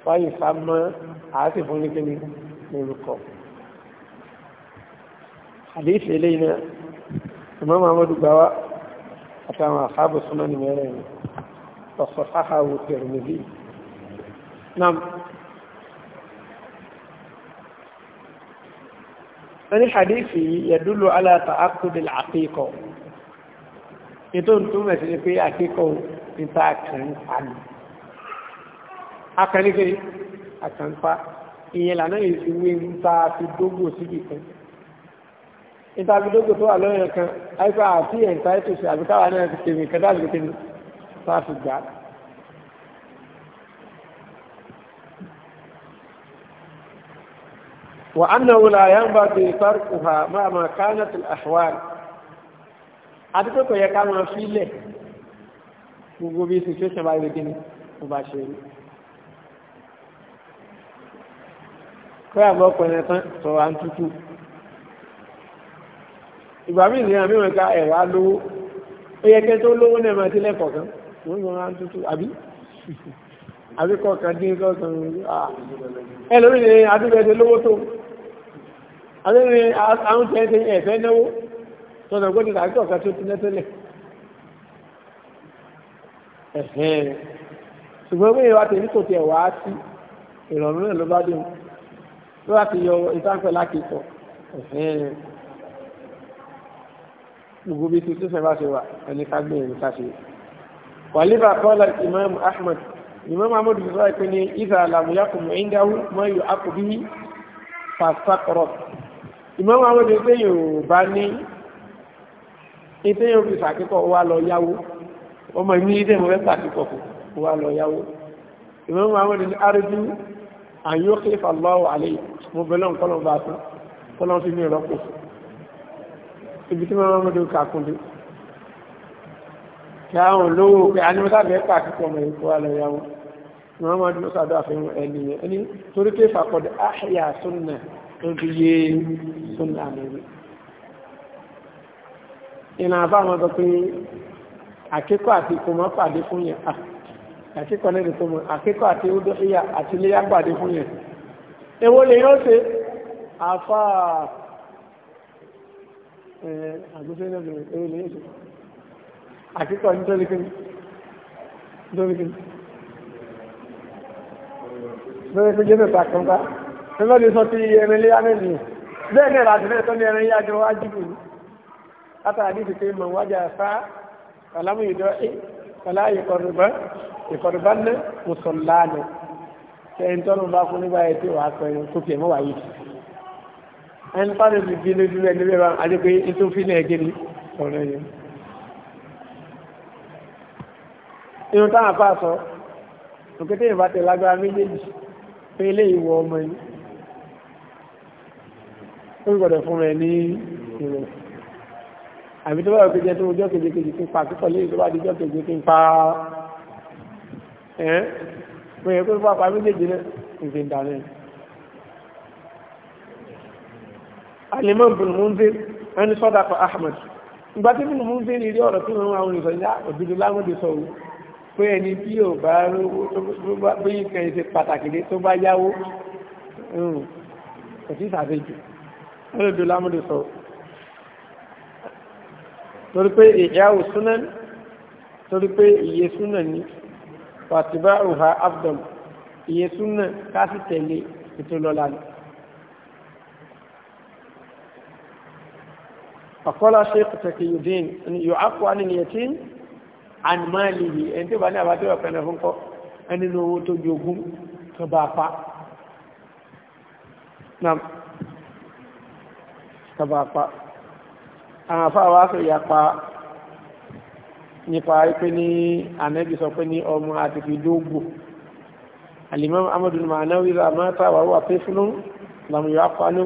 fáyì sámọ́ àti fún ní kíni lórúkọ àdéhìí eléyìí náà ìmọ̀ mahmud gbawa àtàwọn àfáàbò súnmọ́ ní mẹ́rẹ̀ ni ọ̀sọ̀ sáhàwò tẹ̀rùmìlì nam wani hadithi yadullu ala ta'aqqudil aqiqa ètò ìtumọ̀ sí pé àkíkọ̀ ìta kan àná akanigiri àtànfà ìyẹn lànà ìfiwé ń ta fi dógò síbi kan níta fi dógò tó wà lọ́yìn kan àìpé àti ẹ̀ǹtà ètò sí àbíkáwà náà ti tèmi kẹta àti tèmi tó a fi gbà á. وأنه لا ينبغي تركها مهما كانت الأحوال أتكلم يا كما في له gbogbo bí situation bá rí gíní mo ṣe rí kó àbọ̀ pẹ̀lẹ́ tán sọ wá ń tútù ìgbà míì ní àmì wọn ká ẹ̀rọ alówó ó yẹ kẹ́ tó lówó náà máa ti lẹ́kọ̀ọ́ kan wọ́n yọ wá ń tútù àbí àbí kọ̀ọ̀kan dín kọ̀ọ̀kan ẹlòmíì ní adúgbẹ́sẹ̀ lówó tó àbẹ́rẹ́ àwọn tẹ́ẹ̀tẹ́ ẹ̀fẹ́ náwó tọ́nà gbọ́dọ̀ tàbí kọ̀ọ̀kan tó ti lẹ́tẹ́lẹ̀ ẹ̀hẹ́n ṣùgbọ́n mí ìwà tèmi kò tiẹ̀ wá sí ìrọ̀rùn náà ló bá dé wọn ló wá fi yọ ìtànpẹ̀ lákìtọ̀ gbogbo bí tuntun fẹ́ bá ṣe wà ẹni ká gbé ẹni ká ṣe. wàlíbà kọ́lá imam ahmed imam ahmed sọ pé ní ìfẹ́ àlàmúyàkùn ìdáwó mọ́yò àkùbí pàṣípàkọ̀rọ̀ imam ahmed pé yóò bá ní ìtẹ́yìn òfin ṣàkíkọ̀ wà lọ yáwó ọmọ ìmú ìdẹ́mọ̀ fẹ́ ṣàkíkọ̀ wà lọ yáwó imam ahmed ní arúgbó àyíó kéfà lọ́wọ́ àlè mo bẹ̀lọ́ nǹkan bá tán kọ́lọ́ fi ní ìrọ́pò ibi tí wọ́n mọ́mọ́dé kàkúndé kí àwọn olówó pé anímọ́sáfẹ́ pàkíkọ́ ọmọ èkó alẹ́yà wọn muhammadu ló sàdọ́ àfihàn ẹni yẹn ẹni torí kéfà kọ́dọ̀ áhìyà súnà tó fi yé súnà àmì ìlànà àbáwọn sọ pé àkíkọ́ àti kò pàdé fún yẹn ah àkíkọ́ lẹ́nu tó mọ̀ àkíkọ́ àti ó dọ́síyà àti ilé yàgbàdé fún yẹn èwo lè yóò ṣe àfa àgbésẹ́ náà bẹ̀rẹ̀ èwo lè yóò ṣe àkíkọ́ ní tóbi kíni tóbi kíni lórí pé jẹ́ mẹ́ta kan bá ẹgbẹ́ lè sọ ti ẹrin léyà náà nìyẹn bẹ́ẹ̀ náà láti fẹ́ tó ní ẹrin yájọ wájú bù látàrí ti pé mọ̀ wájà sá àlámù ìdọ́ kọlá ìkọrùbá ìkọrùbá ní mùsùlùmí ẹni tọ́nù bá fún nígbà yẹn tí wàá pẹ̀lú tó fi ẹ̀mọ́ wáyé ẹni pàdé ti di lójú ẹni bẹ́ẹ̀ bá adé pé ètò fílẹ̀ ẹgẹ́ ni ọ̀rọ̀ yẹn. inú táwọn afá sọ òkété ìbátẹ lágbára méjèèjì pé ilé ìwọ ọmọ yìí ó gbọ́dọ̀ fún rẹ ní ìrẹsì àbí tó bá yọ kéjẹ tó mo jọ kéje kéje kí n pa kíkọ lẹ́yìn tó bá di jọ kéje kí n pa ẹ mo yẹ kó fún apá méjèèjì náà nǹkan ìdáná ẹ. alimam bin munzir ẹni sọdá pa ahmed ìgbà tí bin munzir rí ọ̀rọ̀ tí wọn àwọn ènìyàn yá òdodo lámọdé sọ o pé ẹni tí yóò bá rówó tó bá bẹyìn kan ṣe pàtàkì dé tó bá yáwó hmm, kò sí sàbẹjù ẹni òdodo lámọdé sọ o torí pé ìyáwó súnà ní torí pé iye súnà ní fàtìbá òhà abdul iye súnà káàsì tẹ̀lé ìtòlọ́lá ní. ọ̀kọ́lá ṣe pàtàkì yudin yóò ápò ànìyàtí ànìmáàlì yìí ẹni tí ó bá ní àbájọ́ ọ̀pẹ́ fún kọ́ ẹni ní owó tó jogún tó bá pa tó àwọn afáwà sọ ìyapa nípa pé ní ànábì sọ pé ní ọmọ àti fi dógbò alimam amadu ma'anawi za ma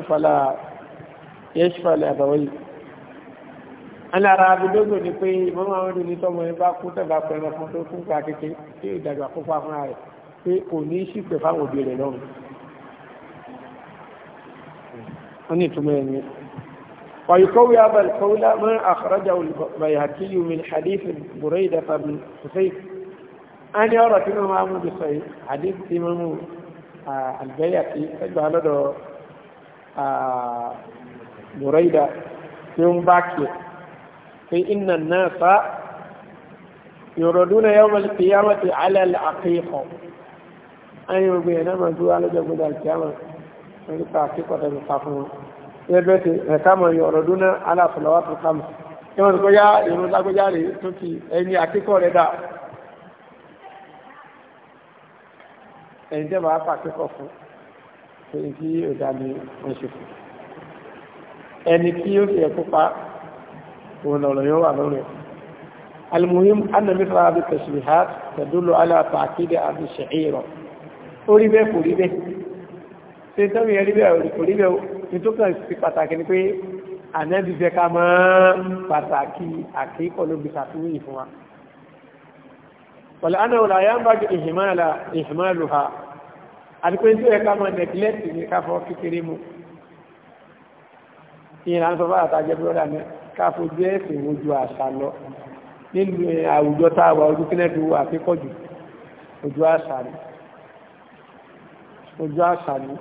fala ya shi fala ya bawai ana ra bi dogo ni pé imam amadu ni tọmọ ẹ bá kú tẹba pẹlú fún tó fún pa kéke tí ìdàgbà kó fa fún ààrẹ pé kò ní ويقوي أبا الحولى ما أخرجه البيهقي من حديث بريدة بن حسين أن يرى كما أمو بصحيح حديث إمام آه، البيهقي تجمع له آه، بريدة يوم باكي في إن الناس يردون يوم القيامة على العقيقة أيوة، أن يبين من دون القيامة ولكن أعتقد أن ẹgbẹ́ ti ẹ̀kámọ̀ ìyọ̀rọ̀ dúná aláfọ̀lọ́wà tó kámọ̀ ẹwọ́n tó yá ìrún lágbójá rẹ̀ tó ti ẹni àkíkọ̀ rẹ̀ dà ẹni tẹ́ bàá pàkíkọ̀ fún èyí tí ọ̀dà ni wọ́n ṣe fún ẹni tí ó fi ẹ̀kú pa òun lọ̀rọ̀ yóò wà lórí alimuhim anamífà bí tẹ̀sùlùhá tẹ̀dúlù aláàtà àkídẹ̀ àbí ṣẹ̀ẹ́rọ̀ ó rí bẹ́ẹ̀ kò rí bẹ́ẹ̀ ṣe tẹ́wìn rí bẹ́ẹ̀ kò rí bẹ́ẹ̀ nítòkàn sí pàtàkì ni pé ànẹ́bí fẹ́ ká mọ́ pàtàkì àkíkọ̀ ló gbèsà fún yìí fún wa wọ̀lẹ̀ anáwò láyá ń bá jù ìhìmáàlù ha àti pé tí ó yẹ ká mọ́ nẹ̀gílẹ́tì ní ká fọ́ kékeré mu ìyẹn sọ fáwọn àtàjẹ búrọ́dà ojú àṣà ni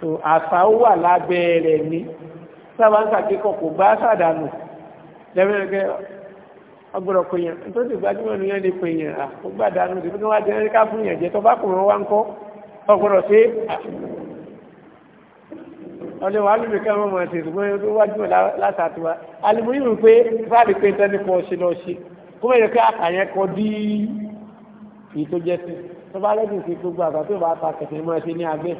so àṣà ó wà lábẹ́ rẹ̀ ní sábà ń sàkékọ̀ kò bá sàdánù lẹ́mẹ̀rẹ̀kẹ́ ọgbọ̀rọ̀ kò yàn tó ti gbajúmọ̀ ní yẹn lè pè yàn àkó gbàdánù tí wọ́n wá jẹ́ ẹ́ríkà fún yàn jẹ́ tó bá kùnrin wá ń kọ́ ọgbọ̀rọ̀ sí ọlẹ́ wàá lùmí ká mọ̀mọ́ ti ṣùgbọ́n tó wájú látàtúwa alùmíyìn pé fáàlì pé tẹ́ni kọ́ ṣe lọ ṣe kó mẹ́rin ká àyẹn kọ́ dí ìtòjẹ́sí tó bá lẹ́gbẹ̀ẹ́ sí gbogbo àgbà tó bá ta kẹ̀kẹ́ mọ́ ẹ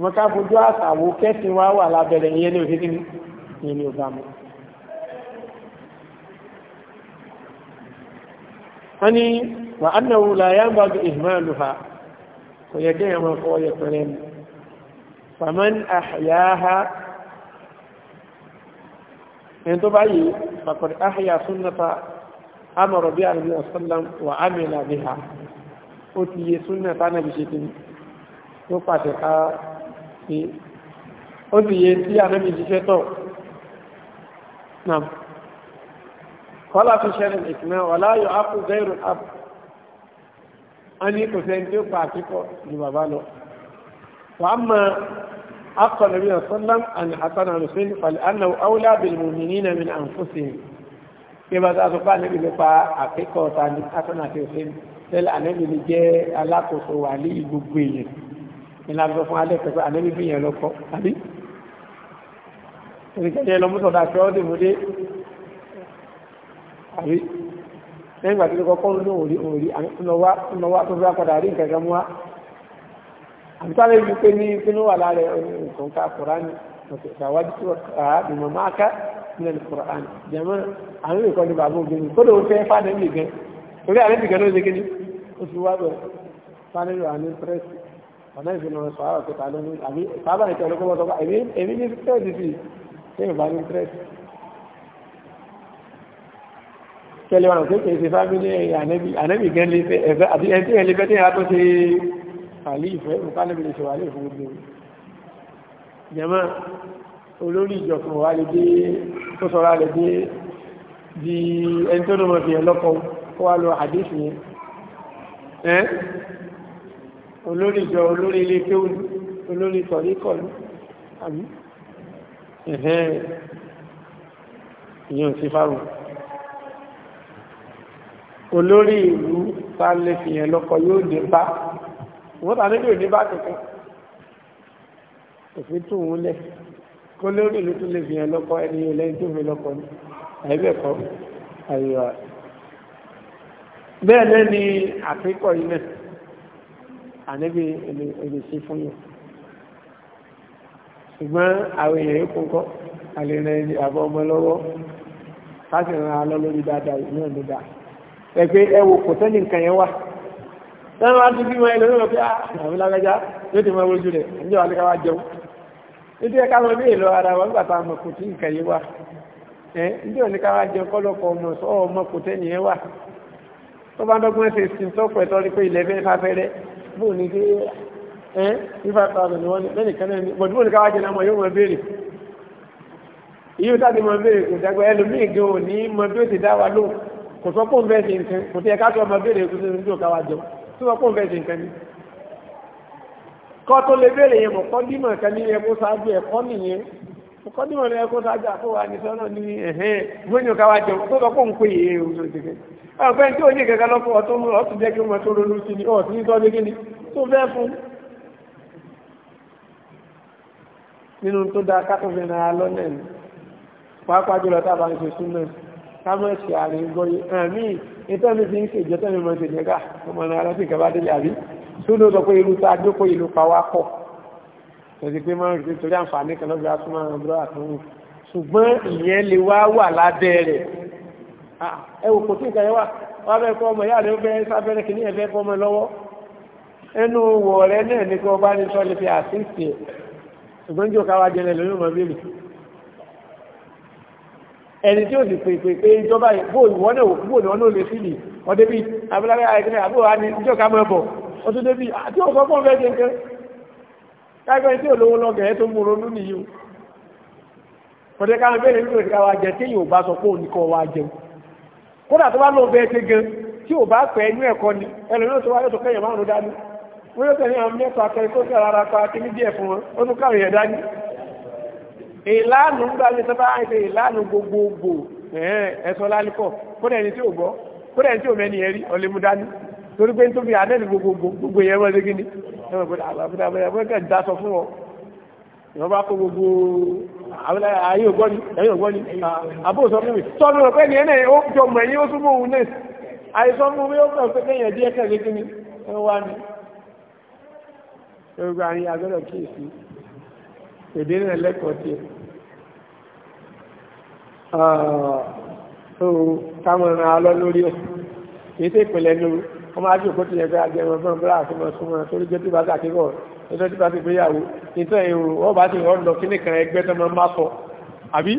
ṣùgbọ́n ká fojú àṣàwò kẹ́sìn wa wà lábẹ́rẹ́ ìyẹn ní òṣèlú ìyẹn ní ọba mu. wọ́n ní wà á nà wùlà yá ń bá ju ìhìmáàlù ha kò yẹ kí ẹ̀wọ̀n kọ́ yẹ pẹ̀lẹ́ mu. faman àhìyáha ẹni tó bá yìí fàkọ̀dé àhìyá súnnata amọ̀rọ̀ bí àrùbí ọ̀sánlám wà á mìíràn bí ha ó ti yẹ súnnata náà bí ṣe kí pàṣẹ ká pé ó sì yẹ tí ànábì ṣiṣẹ́ tọ̀ náà kọ́lá fi ṣẹlẹ̀ ìpínlẹ̀ wà láyọ̀ ápù gẹ́rù ápù a ní kò sẹ́ni tí ó pa àkíkọ̀ ju bàbá lọ wàá mọ akọ nàbí ọ̀sánlám àni àtànà rùsùn falẹ̀ àná àwùlá bìlmùmí nínà mi àn fún sí i bá tó pa ànábì ló pa àkíkọ̀ ta ní àtànà àti òsèlú tẹ́lẹ̀ ànábì iná gbọ́ fún alẹ́ pẹ̀pẹ́ ànẹ́bí fi yẹn lọ́kọ́ àbí oníkẹ́jẹ́ lọ mọ́sọ̀dá fẹ́ ọ́dẹ̀ mú dé àbí lẹ́yìn ìgbà tí ó kọ́kọ́ ní òòrí òòrí ńlọwá tó bá padà rí nǹkan mú wá àbí sáré ju pé ní pinnu wà lára nǹkan ká kùránì ṣàwájú tó kà á bímọ máa ká nílẹ̀ ní kùránì jẹ́mọ́ àwọn ìkọ́ ni ó fi wá bẹ̀rẹ̀ fáde lò pírẹ́sì ọ̀nà ìbínú sọ̀rọ̀ pẹ̀ta lónìí àbí sábà ìtẹ̀ olókòwò tọ́gbà èmi ní tírẹ́dì sí ṣé ìbá ní tírẹ́dì kẹlẹ̀ wọn kò kéèké ṣe fábílì ànẹ́bì gan lè fẹ́ ẹ̀fẹ́ àti ẹ̀tí ẹ̀ lè fẹ́ tí a tó ṣe àlè ìfẹ́ ìmúkálẹ̀bì lè ṣe wà lè fún gbogbo jẹ́mọ́ olórí ìjọkùn wà lè dé tó olórí ìjọ olórí ilé kéwù olórí kọ̀ríkọ̀lú àbí ẹ̀hẹ́n ìyẹn ò sí fáwọn olórí ìlú bá lè fi yẹn lọ́kọ̀ yóò dé bá wọ́n tà nílò ní bá kankan òfin tún wọn lẹ̀ kó lórí ìlú tún lè fi yẹn lọ́kọ̀ ẹni lẹ́yìn tó fi lọ́kọ̀ ní àìbẹ̀kọ́ àyíwá bẹ́ẹ̀ lẹ́ni àfikọ̀ yìí náà ànábì èlèsí fún yẹn ṣùgbọ́n àwọn èèyàn yìí kún kọ́ àlèrè ẹni àbọ̀ ọmọ lọ́wọ́ láti ràn án lọ lórí dáadáa yìí náà ló dáa ẹ pé ẹ wo kò sẹ́ni nǹkan yẹn wà lẹ́nu wá ti bímọ ẹlẹ́nu lọ pé àwọn lágbájá yóò ti mọ ojú rẹ̀ ẹ̀jẹ̀ wà lẹ́ka wá jẹun nítorí ẹ̀ka lọ ní èlò ara wọn gbàtà àmọ̀ kò tí nǹkan yẹn wà ẹ̀ nítorí ẹ̀ka wá jẹun kọ́lọ́kọ̀ ọmọ sọ ọmọ kò tẹ́ni yẹn wà tó bá dọ́gbọ́n ṣe sìn tọ́pọ̀ ẹ̀tọ́ rí pé ilẹ̀ fẹ́ fáfẹ́rẹ́ bóò ní pé ẹ́ five thousand wọ́n lẹ́nì kan náà ní bọ̀dú bóò ní káwá jẹ́ náà yóò mọ béèrè yíyó táti mọ béèrè kò dàgbà ẹlòmíì gan ò ní mọ bí ó ti dá wa lò kò sọ pé òun fẹ́ ṣe nǹkan kò tiẹ̀ ká tó ọmọ béèrè kò sọ pé káwá jẹun tó sọ pé òun ṣe nǹkan ni kọ́ tó lè béèrè yẹn mọ̀ kọ́ dímọ̀ kan ní ẹkọ́ sáájú ẹ̀kọ́ nìyẹn kọ́ dímọ̀ ní ẹkọ́ sáájú àfọwọ́ àníṣọ́ náà ní ẹ̀hẹ́n gbóyún káwá ọ̀pẹ́ tí ó ní kẹ̀kẹ́ lọ́fọ́ ọ̀tún mú ọ̀tún jẹ́ kí wọ́n tó ronú sí ni ọ̀tún ní tọ́jú kí ni tó fẹ́ fún nínú tó dáa kákùnfin náà lọ́nà ní pàápàá jùlọ tábà ń ṣe súnmọ́ kámẹ́sì àárín gbọ́yé àmì ìtọ́ mi fi ń ṣe ìjọ́tọ́ mi mọ̀ ṣe jẹ́gà ọmọ náà lọ́sìn kẹfà délé àbí súnú sọ pé irú tá a jókòó ìlú pa wá pọ̀ tẹ̀sí pé máa ń rí torí àǹfààní kan lọ́gbẹ̀ẹ́ súnmọ́ àwọn ọ̀dọ́ àtúnwò ṣùgbọ́n ìyẹn lè wá wà lábẹ́ rẹ̀ Ah, ẹ wò kò sí nǹkan yẹn wà wọ́n abẹ́ kọ́ ọmọ ìyá rẹ̀ bẹ́ẹ̀ sábẹ́rẹ́ kìíní ẹ̀fẹ́ kọ́ ọmọ lọ́wọ́ ẹnu wọ̀ rẹ náà ní kọ́ bá ní sọ lè fi àtìsí ẹ̀ ṣùgbọ́n jò káwá jẹrẹ lórí ọmọ bíbí ẹni tí ó sì pè pè pé ìjọba bó ìwọ́n náà bó ìwọ́n náà lè fìlì wọ́n débi abúlábẹ́ àìkúnlẹ̀ àbúrò wa ní ìjọ ah, ká mọ́ ẹ̀bọ̀ wọ́n tún àti ọ̀sán fún ọ̀fẹ́ kódà tó bá lọ bẹ ṣe gan tí ò bá pẹ inú ẹ̀kọ́ ni ẹlòmíràn tó wá yóò tó kẹyìn márùn dání wọn yóò tẹ̀lé àwọn mẹ́fà kẹrin tó fẹ́ rárá pa kíní díẹ̀ fún wọn ó tún káwọn yẹn dání. ìlànà ń gbàgbé sábà ń ṣe ìlànà gbogbogbò ẹ̀sọ́ lálùkọ̀ kódà ẹni tí ò gbọ́ kódà ẹni tí ò mẹ́ni yẹn rí ìwọ́n bá kó gbogbo ayé ògbọ́ni ẹ̀yìn ògbọ́ni àbó sọ fún mi tọ́lú rẹ̀ pẹ́ni ẹ̀nà ó jọ mọ̀ ẹ̀yìn ó túnmọ̀ òun náà àìsọ fún mi ó kàn pé kéèyàn díẹ̀ kẹ̀lé kí ni ẹ wá ní gbogbo àrin agbẹ́rẹ̀ kíyèsí èdè náà lẹ́kọ̀ọ́ tiẹ̀ tó ah, táwọn ẹran alọ́ lórí ẹ̀ kì í sí ìpìlẹ̀ ní ọmọ ajé òkú ti yẹ ẹjọ́ tí bá ti gbéyàwó ìtọ́ ìrò wọ́n bá ti rọ́ lọ kí nìkan ẹgbẹ́ tó máa sọ àbí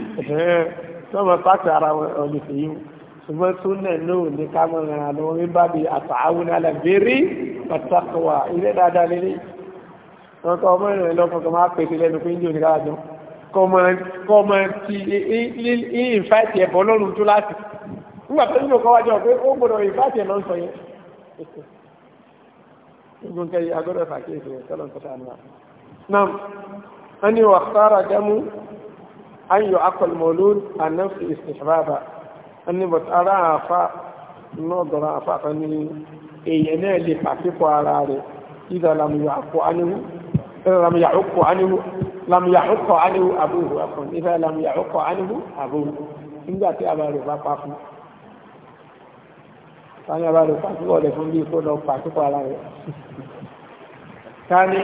wọ́n máa pàṣẹ ara wọn ọ̀lẹ̀ fèyí o ṣùgbọ́n tó náà náà ní ká mọ̀ ràn án lọ́wọ́ nígbà bíi àtàwọn alábẹ́rẹ́ pàtàkùwà ilé dáadáa lélẹ̀ wọn kọ́ ọmọ ìrìn lọ́kọ̀ kọ́ máa pèsè lẹ́nu pé ní oníkàwá jọ kọ́ ọmọ ti ìfáìtì ẹ̀bọ̀ lọ́rùn tó láti nígbà tó ń lò kọ́ wájọ pé ó gbọ́dọ̀ ìfáìtì ẹ̀ lọ́ gbogbo nǹkan yìí agbọ́dọ̀ fàkíyèsí wọn tọ́lọ̀ nǹkan tàà náà nam wọ́n ní wàhálà dẹ́mu ayò akọlmọ̀lú ànáfì ìsìnṣàbàbà wọ́n ní bọ̀t ara àfa náà dọ̀rọ̀ àfa kan ní èèyàn náà lè fàkíkọ ara rẹ̀ ìdá làmúyà ọkọ̀ anihu لم يحق عنه لم يحق عنه أبوه أخوه إذا لم يحق عنه أبوه إن ذات أبا رفاقه tani ọba lè pàtíkọ̀ lè fún bí kó lọ pàtíkọ̀ ara rẹ̀ tani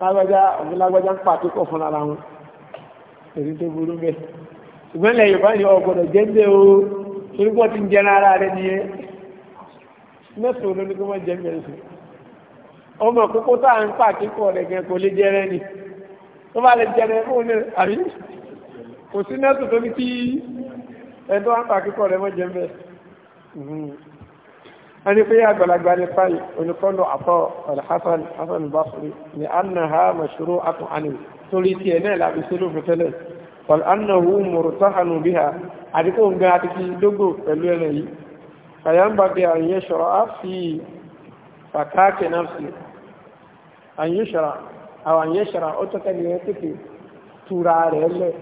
lágbájá ọ̀gbọ́lágbájá ń pàtíkọ̀ fún ara wọn èyí tó burú bẹ́ ṣùgbọ́n ilẹ̀ Yorùbá ni ọgbọ̀dọ̀ jẹ́ńdẹ́ o torípọ̀ ti ń jẹ́ ni ẹ́ mẹ́sàn-án ló ní kí wọ́n jẹ́ mẹ́rin sí ọmọ kókó tá à ń pàtíkọ̀ rẹ̀ kò ni tó bá lè jẹ́rẹ́ fún ní àrí kò sí mẹ́sàn-án tó ní kí ẹ̀dọ́ à rẹ̀ mọ́ jẹ́ mẹ́rin hmm ẹni pé àgbàlagbà ní fáyì oníkọ́lù àtọ́ alhassan hassan basri ni anna ha mashuru atun ani torí tí ẹ̀ náà láti sílù fún tẹ́lẹ̀ wal anna hu murtahanu biha àdíkò ń gan àti dógò pẹ̀lú ẹ̀rẹ̀ yìí kàyàmbà bí àyẹ̀ ṣọ̀rọ̀ á fi fàkáàkì náà sí àyẹ̀ ṣọ̀rọ̀ àwọn àyẹ̀ ṣọ̀rọ̀ ó tọ́kẹ́ ni ẹ tètè tura rẹ̀ lẹ̀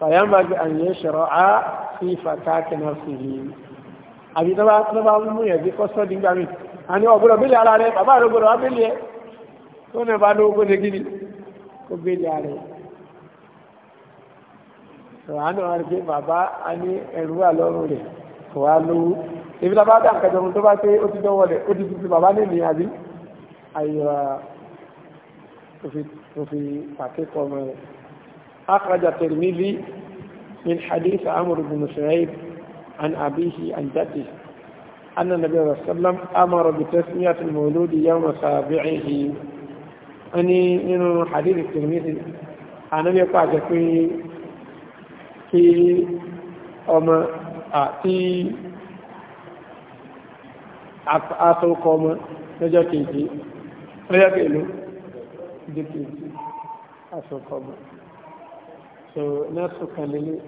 kàyàmbà bí àyẹ̀ ṣọ̀rọ̀ á fi fàkáàkì náà sí yìí àbí tó bá mú yẹn sí kọ́sọ́dì gbà mí a ní ọ̀gbọ́dọ̀ bílẹ̀ ara rẹ bàbá rẹ gbọ́dọ̀ wá bílẹ̀ ẹ tó náà bá lówó gbọ́dọ̀ gidi kó bílẹ̀ ara rẹ ràánù àrùkí bàbá a ní ẹ̀rú wà lọ́rùn rẹ̀ kò wá lówó ibi tá bá dá nǹkan jọmọ tó bá pé ó ti dánwọ́ rẹ̀ ó ti tuntun bàbá nílùú àbí àyíwá òfin pàkíkọ̀ ọmọ rẹ̀ عن أبيه عن جده أن النبي صلى الله عليه وسلم أمر بتسمية المولود يوم سابعه أني من حديث الترمذي أنا بيقع في في أما أتي أسوق أما lọ́jọ́ kejì lọ́jọ́ kejì lọ́jọ́ kejì so ناسو kan lélẹ̀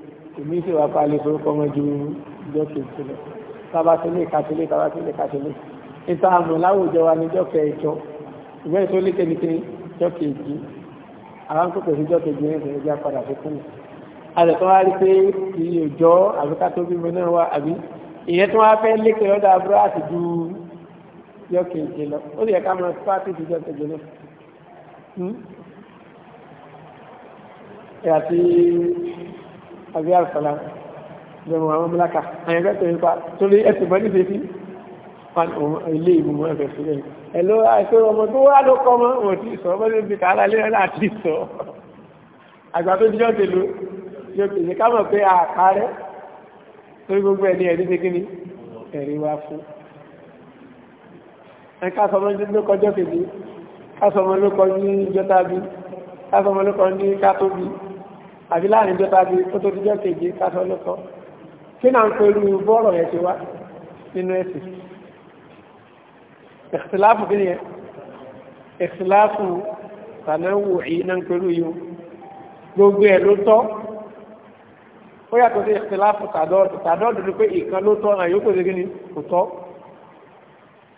èmi sì wá palẹ̀ forúkọ ọmọ ju ìjọ kejì lọ tábàtílé kàtílé tábàtílé kàtílé níta àmọ̀ láwùjọ wa ní jọ́kẹ̀ ìjọ ìgbẹ́ ìtò lé kẹ́nikẹ́ni jọ́kẹ̀ èjì àwọn tó pèsè jọ́kẹ̀ èjì ní ìrìnàjò padà fi kún un àtẹ̀tọ́ wá rí pé iye òjọ́ àbíká tó bímọ náà wá àbí ìyẹn tó wá fẹ́ lékè lọ́dọ̀ abúlé àti ju jọ́kẹ̀ èjì lọ ó lè ká mọ pátì ju jọ́kẹ̀ èjì lọ hmm? àti àbí àrùsàlá jẹmọ àwọn mìláka àyẹ̀fẹ́ tó nípa torí ẹ̀sìn bọ́ nífẹ̀ẹ́ sí wọn ilé ìgbìmọ̀ ẹ̀fẹ́ sílẹ̀ ẹ̀ló àìsàn ọmọ tó wá ló kọ́ mọ́ wọn ti sọ ọmọ tó ti kàálà lé ẹ̀ láti sọ àgbà tó ti jọ́ọ̀tì lu yóò pèsè ká mọ̀ pé àkárẹ́ torí gbogbo ẹ̀ ní ẹ̀rí ṣe kíni ẹ̀rí wá fún ẹ ká sọmọ ló kọjọ́ kejì ká sọmọ ló kọ ní ìjọta bí ká ní ká tóbi àbí láàrin tó tàbí tó tó díjọ́ kejì kátó lọ́kọ́ kí náà ń pe irú bọ́ọ̀rọ̀ yẹn ti wá nínú ẹ̀sìn ìṣìláàfù kí ni ìṣìláàfù tànáwò yìí náà ń pe irú yìí gbogbo ẹ̀ ló tọ́ ó yàtọ̀ sí ìṣìláàfù tàdọ́ọ̀dù tàdọ́ọ̀dù ni pé ìkan ló tọ́ àyè kò sí kí ni kò tọ́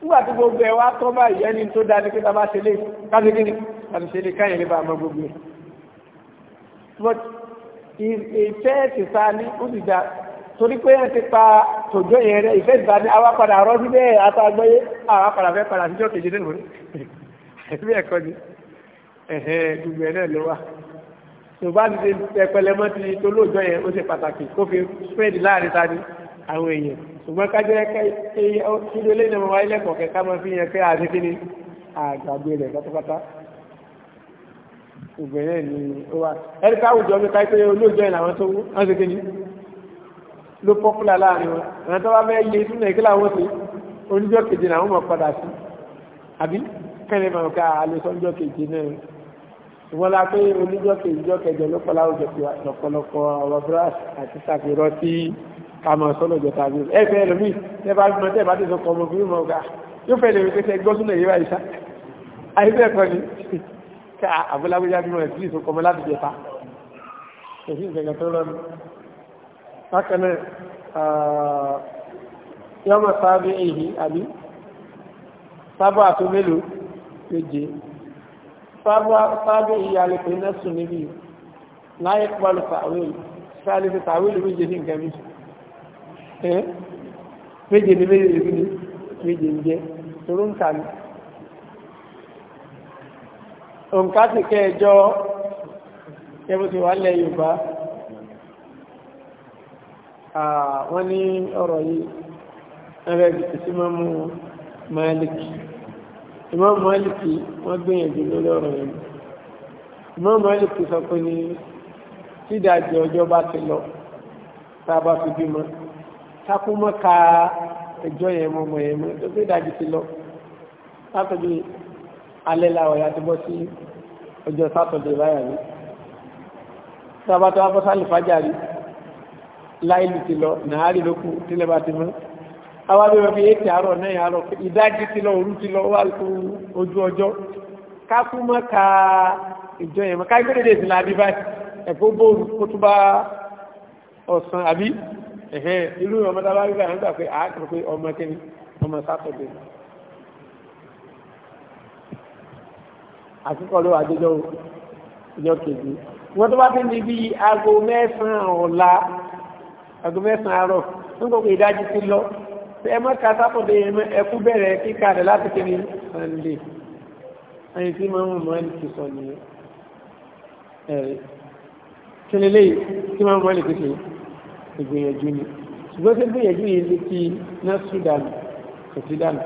nígbà tí gbogbo ẹ̀ wá tọ́ báyìí ẹni tó dáa ní kí ta bá ṣe lé ká ìfẹ́ ìfẹ́ ní ó sì dá torí pé ẹ̀ ti pa tòjọ́ yẹn rẹ̀ ìfẹ́ ìfẹ́ ní àwa padà rọ́ sí bẹ́ẹ̀ àtàgbọ́yé àwa padà fẹ́ padà síjọ́ kejì nínú rí ẹ̀bí ẹ̀kọ́ ni gbogbo ẹ̀ náà ló wà tó bá ti ṣe pẹpẹlẹmọ ti tó lóòjọ́ yẹn ó ṣe pàtàkì kó fi spread láàrin ta ni àwọn èèyàn ṣùgbọ́n kájọ́ ẹ̀kẹ́ ìdílé náà wáyé lẹ́kọ̀ọ́ kẹ́ká máa fi yẹn pé àti kí àgbàgbé rẹ̀ pátápátá ìgbẹ̀ náà ni ó wà ẹni káwùjọ mi ká pé olóòjọ́ ìlànà àwọn tó wú wọ́n ṣe kéde ló pọ́pùlà láàrin wọn àwọn tó bá fẹ́ yẹ sínú ẹ̀kí làwọn ṣe oníjọ́ kejì làwọn mọ̀ padà sí àbí kẹ́lẹ́ mọ̀ ká alẹ́sọ́njọ́ kejì náà ìwọ́n la pé oníjọ́ kejìjọ́ kẹjọ ló pọ̀ láwùjọ pé lọ́pọ̀lọpọ̀ ọ̀rọ̀ brass àti sàfihàn sí kàmọ̀ sọ́lọ̀jọ tàbí ẹ̀fẹ́ ẹlòmíì tẹ́ bá mọ tẹ́ bá ti sọ kọ́ ọmọ fún yóò mọ̀ ká yóò fẹ́ lè rí pé tẹ́ gbọ́ sílẹ̀ yìí wáyé sá àyíbẹ̀ ẹ̀kọ́ ni ká àbúlábújá bímọ ẹ̀sìn ìsopọ̀mọ́ láti jẹta èyí ìgbẹ̀gẹ̀ tó rọrùn bákan náà yọmọ sáábì èyí àbí sábà tó mélòó méje sáábì èyí alẹ́pẹ̀ iná sùn níbi láyé pọ́lù tàwílì sáàlì fi tàwílì méje ní nǹkan mi méje ní méje ní méje ń jẹ́ ni òǹkà sì kẹjọ ẹbùsì wà lẹ Yorùbá wọ́n ní ọ̀rọ̀ yìí ẹgbẹ́ ìgbìtì máa mú máàlìkì ìmọ̀ máàlìkì wọ́n gbìyànjú lórí ọ̀rọ̀ yìí ìmọ̀ máàlìkì sọ pé ní sídàjì ọjọ́ bá ti lọ tá a bá fi bímọ takú mọ́ ka ẹjọ́ yẹn mọ́ mọ́ yẹn mọ́ tó sídàjì ti lọ látọ̀jú alẹ́ láwọ̀ ya ti bọ́ sí ọjọ́ sátọ̀dẹ̀ báyà rí sábàtà wà fọ́sálì fàjárì láìlì ti lọ nàárì ló kù tílẹ̀ bá ti mọ́ àwọn abẹ́rẹ́ fi ètè àárọ̀ náà yà rọ̀ ìdájí ti lọ òru ti lọ wà kú ojú ọjọ́ kákú mọ́ ka ìjọ yẹn mọ́ ká gbé dédé ìsìn láàbí báyìí ẹ̀kọ́ bóòlù kó àkíkọ́ ló wà jọjọ́ ìjọ kejì wọ́n tó bá ti ní bí aago mẹ́sàn-án ọ̀la aago mẹ́sàn-án àárọ̀ ní gbogbo ìdájí ti lọ ẹ mọ́ ká sátọ̀dé ẹkú bẹ̀rẹ̀ kíkà rẹ̀ láti kiri sunday ẹni tí máa ń mọ̀ ẹni ti sọ nìyẹn ẹ̀rí kí ni léyìí tí máa ń mọ̀ ẹni ti sọ ìgbìyànjú ni ṣùgbọ́n tí gbìyànjú yìí ní ti north sudan kò sí dànù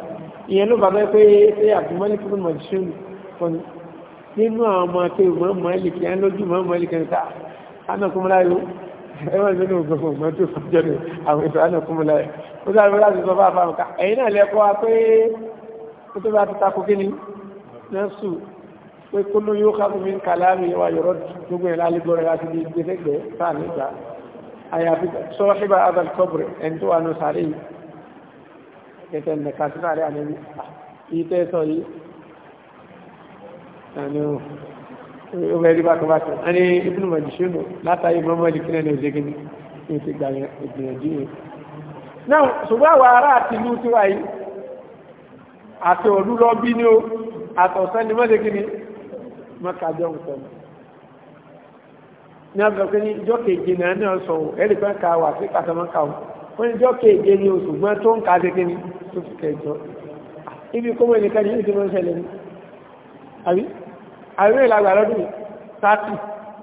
ìyẹn ló bàbá pé ṣé àbúmọ́lẹ́kùn mọ̀ṣúlù fún nínú àwọn ọmọ tó mọ́ mọ́lìkì án lójú mọ́ mọ́lìkì ń sáà ánàkúnmọ́láyò ẹwọ́n nínú gbogbo mọ́ tó fọ́jọ́ ní àwọn ètò ánàkúnmọ́láyò ó sáré láti sọ bá fáwọn ká ẹ̀yìn náà lẹ́kọ́ wa pé ó tó bá ti takò kí ni nẹ́sù pé kó ló yóò ká fún mi kàlá mi wà yọ̀rọ̀ gbogbo ẹ̀ lálẹ́gbọ́ rẹ̀ láti di gbẹ́sẹ̀gbẹ́ sáà nígbà àyàfi sọ́ọ́ṣíbà adal kọ́bùrẹ̀ ọmọ ẹni bá kan bá kan ẹni ibùdó mọ̀jìṣẹ́nu látàrí mọ́mọ́lì kí náà ní òde gíní ní ti gbà ìgbìyànjú yẹn. náà ṣùgbọ́n àwọn ará àti ìlú ti wáyé àti òru lọ bí ní o àtọ̀sán ni mọ́lẹ̀ gíní mọ́kàjọ́ nǹkan. ní ọgbà pé ní ìjọ keje náà náà sọ ọ ẹ̀rì pẹ́ ká wà sí kàtàmọ́ká o wọ́n ní ìjọ keje ni o ṣùgbọ́n tó ń ka ṣe kíní tó fi kẹjọ. ibi kọ́mọ àwẹ̀ ìlàgbà lọ́dún tààtì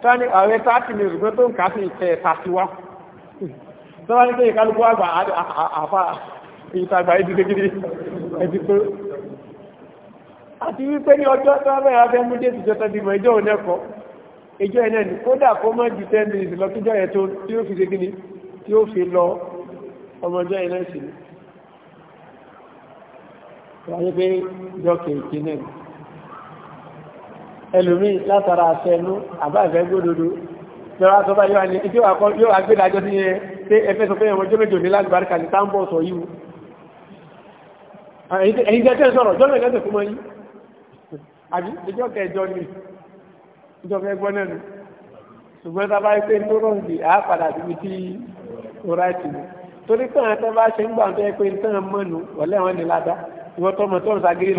tààtì àwẹ̀ tààtì ní ìrùgbẹ́ tó ń kà sí ìtẹ̀ tààtì wá tó wá ní pé ìkálukú àgbà àfà ìtàgbà ìdíje gidi ẹ̀dí pé àti wípé ní ọjọ́ tó wá bẹ̀rẹ̀ abẹ́ mú dé ìjọta dìbò ìjọ òun ẹ̀kọ́ ìjọ ẹ̀nà ni kódà kó mọ́ ju ten minutes lọ kíjọ yẹn tó ni. wáyé pé ìjọ kèké ẹlòmíì látara àfẹnú àbá àfẹgbódodo lọ́wọ́ tó bá yóò ní ìdí wà kọ́ yóò agbédájọ́ sí yẹn pé ẹfẹ́ sọ pé ẹ̀wọ̀n jẹ́ méjì ní lágbàríkà ní táǹbọ̀ sọ yíwu ẹ̀yìn jẹ́ tẹ́ sọ̀rọ̀ jọ́mọ̀ ẹ̀lẹ́sẹ̀ fún ni ìjọ kẹgbọ́n náà nù ṣùgbọ́n tá bá pé tó rọ̀ sí a padà síbi tí ó rà tì mí torí pé àwọn tẹ́ bá ṣe ń gbà tó ni ládá ìwọ́n tọ́mọ tó ń sagiri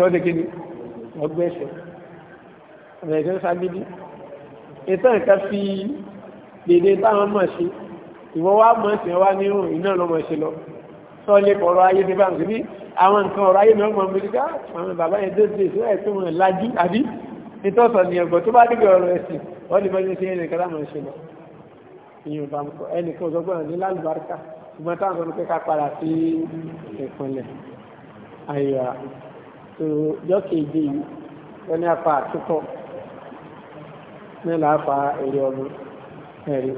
bẹ̀rẹ̀ sagidi ìtàn ká fi dèdè táwọn mọ̀ ṣe ìwọ wá mọ̀ sí wá ní òun iná lọ́mọ ṣe lọ sọ lè kọ̀ọ̀rọ̀ ayé dé báńkì ní àwọn nǹkan ọ̀rọ̀ ayé mọ̀ mọ̀lẹ́ká àwọn bàbá yẹn tó dé ìṣúra ẹ̀tọ́ wọn lájú àbí nítọ́sọ̀ ní ẹ̀gbọ́n tó bá dìgbà ọ̀rọ̀ ẹ̀sìn wọ́n lè bọ́jú sí ẹnìkan láwọn ṣe lọ ìyẹn bá ní làáfà èrè ọdún ẹ̀rí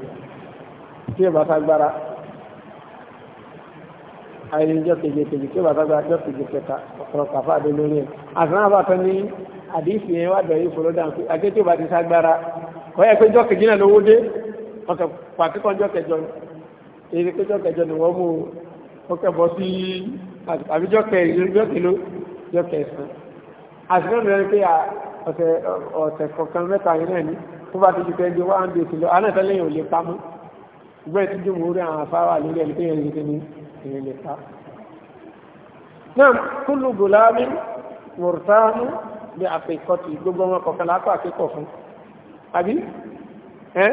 tí ìbá sagbára ayẹyẹ jọ keje keje tí ìbá sagbára jọ keje kẹta ọ̀rọ̀ kàfà dé lórí ẹ̀ àtúnwá bá tán ní àdìsí yẹn wá bẹ̀rẹ̀ ìfòró dàn pé àti tí ìbá ti sagbára kọ́ yẹ pé jọ keje náà lówó dé wọ́n kẹ pàkíkọ́ jọ kẹjọ èyí pé jọ kẹjọ ni wọ́n mú ó kẹ bọ́ sí àbíjọ kẹ ìlú jọ kẹló jọ kẹsàn-án àtúnwá bẹ̀rẹ̀ pé ọ̀sẹ̀ ọ̀sẹ̀ kọ̀ọ̀kan mẹ́ta yìí náà ní tó bá ti di pé ẹjọ́ wá ń bèèrè lọ àná ìtẹ́lẹ̀ yìí ò lè pa mú ìgbẹ́ ìtújú mú rí àwọn afárá lórí ẹni pé ẹni ní èyí lè pa. náà kúlù gùlámì mùrùtánù bí àfikọ́tì gbogbo ọmọ kọ̀ọ̀kan lápá àkẹ́kọ̀ọ́ fún àbí ẹ́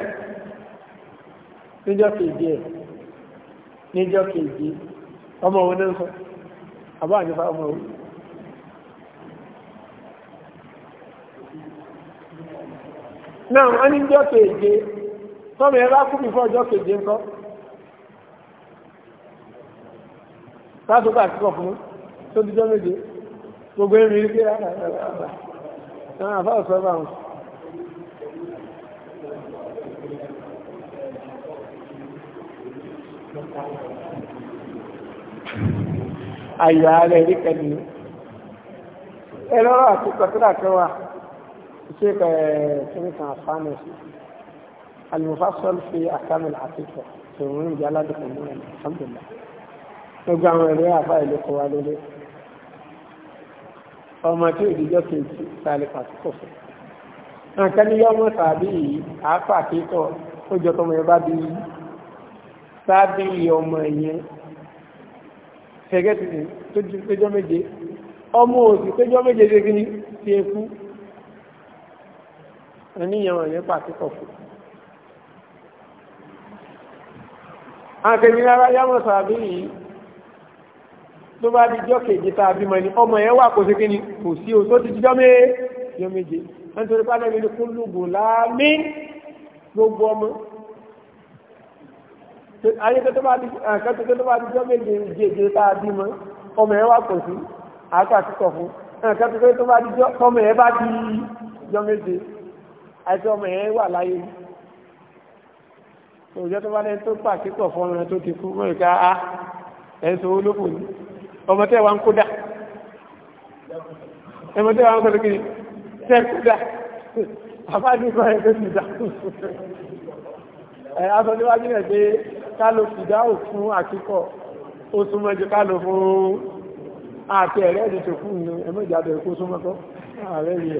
níjọ́ kejì ẹ̀ níjọ́ kejì ọmọ òun náà sọ àbá àyẹ̀fà ọmọ òun náà wọ́n ní jọ́ kéje tọ́mọ ẹ bá kú mi fún ọjọ́ kéje ńkọ́ sáàtò fún tó méje gbogbo àwọn bá wọn. ẹ lọ́rọ̀ àti kan wà. شيخ سميت عفان المفصل في أحكام العقيقة في من جلد الحمد لله gbogbo àwọn ẹ̀rẹ́ àbá ìlú kọ wa lórí ọmọ tí ìdíjọ́ kejì sáré pàtíkò fún nǹkan ní yọmọ tàbí àáfà kíkọ ó jọ tọmọ yẹn bá bí sábì ọmọ yẹn ṣẹgẹtì péjọ méje ọmọ òsì péjọ méje ṣe kí ni ti ekú àníyàn yẹn pàtíkọ̀ fún. àkèmí rárá yámọ̀ sàbí yìí tó bá di jọ́ kejì tá a ni ọmọ yẹn wà kó sí kí ni kò sí o tó ti jíjọ́ méje wọ́n torí pálẹ̀ mi ni kún lùgbò láàmì gbogbo ọmọ ayé tó bá di àkẹ́tọ́ tó bá di jọ́ méje jèjì tá a ọmọ yẹn wà kó sí àtàkùkọ̀ fún àkẹ́tọ́ tó bá di jọ́ tọmọ yẹn bá di jọ́ méje àti ọmọ yẹn wà láyé òjò tó bá lẹ́yìn tó pà kíkọ̀ fọ́nrán tó ti kú mọ́ ìka ah, á ah, ẹ̀sùn olóko ní ọmọ tẹ́ wa ń kó dà ọmọ tẹ́ wa ń kó dà kiri tẹ́ kó dà àbájú kan ẹ̀ tó ti dà ẹ̀ aṣọ níwájú rẹ̀ pé ká ló ti dá ò ó súnmọ́ ju ká ló fún àti ẹ̀rẹ́ ìdìtò fún ẹ̀mọ́jà bẹ̀rẹ̀ kó súnmọ́ tó ààrẹ yìí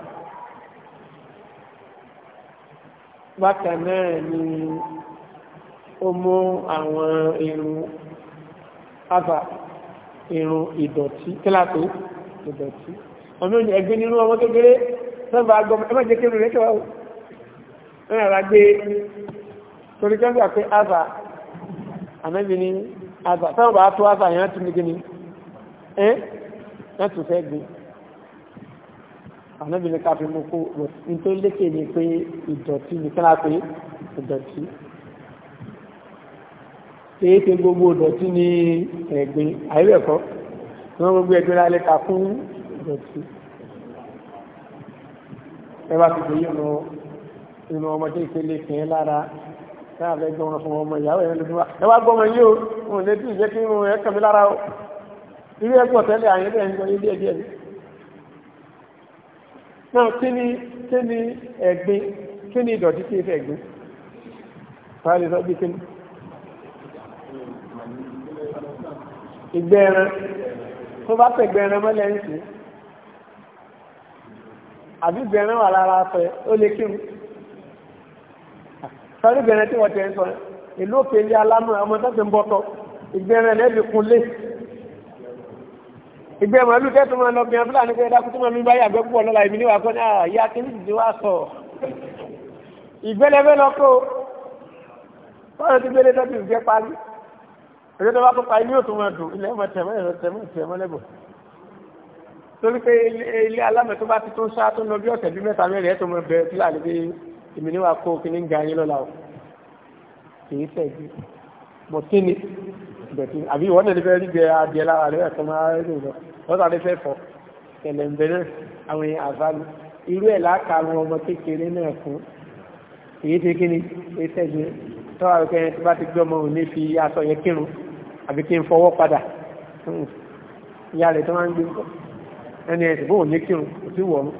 bákan náà ni ó mú àwọn irun ava irun ìdọ̀tí kíláàtó ìdọ̀tí ọmọ ìyẹn ẹgbẹ́ nínú ọmọ kékeré sọ́ba agbọmọ ẹ má jẹ́ kéwòn rẹ̀ kẹwàá o ẹ yàrá gbé torí kí wọ́n gbà pé ava ànábì ní ava táwọn bá tó ava yẹn á tún ní kíni ẹ́ ẹ́ tún fẹ́ gbé ànábì ní ká fi mú kó ní tó lékè ní pé ìdọ̀tí ní kí láti ìdọ̀tí èyí tí gbogbo ìdọ̀tí ní ẹ̀gbin àìrẹ̀kọ́ wọ́n gbogbo ẹgbẹ́ lálẹ́ ka fún ìdọ̀tí ẹ bá ti gbèyàn lọ inú ọmọdé ìpele kì í lára náà fẹ́ gbọ́n fún ọmọ ìyàwó ẹ̀rọ lójúmọ́ ẹ wá gbọ́mọ yìí o òun lè tún ìjẹ́ kí irun ẹ̀ lára o ilé ẹ̀kọ́ tẹ́lẹ̀ àyẹ̀bẹ̀ ń gbọ́ ilé ẹ̀díẹ̀díẹ̀ náà kí ni kí ni ẹ̀gbin kí ni ìdọ̀tí tí ìfẹ́ ẹ̀gbin fàálì sọ bí kí ni ìgbẹ́ ẹran tó bá tẹ̀ gbẹ́ ẹran mọ́lẹ̀ ń sí àbí gbẹ́ ẹran wà lára afẹ́ ó lè kírun sọ́rí gbẹ́ ẹran tí wọ́n tẹ̀ ń sọ ìlú òkèlè alámọ̀ ọmọ tó ti ń bọ́tọ̀ ìgbẹ́ lẹ́bi kun lé ìgbẹ́ màálù tẹ́tù máa lọ bìyàn fúlàní pé dákú tó máa mi bá yàgbẹ́ púpọ̀ lọ́la ìmí níwà kan náà ìyá kí ní ti wá sọ ìgbẹ́lẹ́fẹ́ lọ kó wọ́n ti gbélé tọ́jú ìgbẹ́ parí òjò tó bá kópa ilé òtún máa dùn ilẹ̀ ọmọ tẹ̀mọ́ ẹ̀rọ tẹ̀mọ́ tẹ̀mọ́ lẹ́bọ̀ torí pé ilé alámẹ̀ tó bá ti tún sá tó lọ bí ọ̀sẹ̀ bí mẹ́ta mẹ́rin ẹ̀ tó máa bẹ tọ́tàdé fẹ́ fọ́ kẹlẹ̀mbẹ̀ náà àwọn èèyàn àfáàlú irú ẹ̀ láàkàrún ọmọ kékeré náà fún èyí tí kí ni ẹsẹ̀gbẹ́ tọ́wà rẹ̀ kẹrin tí bá ti gbọ́mọ ò ní fi aṣọ yẹn kírun àbí kí n fọwọ́ padà hmm. ìyá rẹ̀ tó máa ń gbé ẹni ẹ̀sìn bóun ní kírun kò sí wọ̀ mú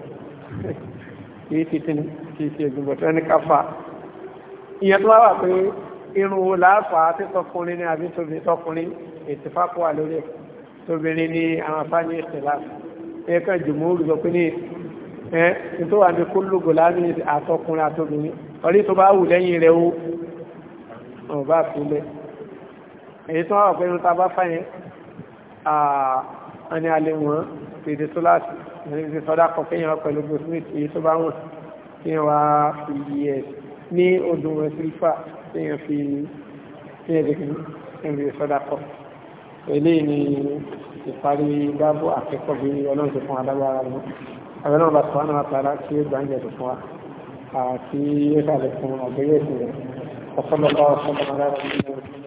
èyí tí kí ni kì í ṣe ìgbìmọ̀ tó ẹni ká fa ìyẹn tó wà pé irun wo làáfàá tí tọkùnrin ni àbí tóbi tọkùnrin ètìfákọ́ wà lórí ẹ̀kọ́ obìnrin ní àwọn afáàní ìṣẹ̀lá ẹ̀ẹ́kan jùmúrù sọ pé ní ẹ́ tó wà ní kólógò láàrin àtọkùnrin àtobìnrin orí tó bá wù lẹ́yìn rẹ̀ ó ọ̀bá fúnlẹ̀ èyí tó wà pẹ̀lú ta bá fáyẹn àní alẹ́ wọn pèdè tó láti ẹni ti sọ́dá kan fi yí ẹ̀ ní odò wọn sọ́dá kan eléyìí ni ìparí báàbò akẹ́kọ̀ọ́ bí ọlọ́run ti fún adágbára mú àwọn náà bá sọ́nà àtàrà kí ó gbàǹjẹ̀ tó fún wa àti ó sàlẹ̀ fún àgbẹ̀yẹ̀ sí rẹ̀ ọ̀sán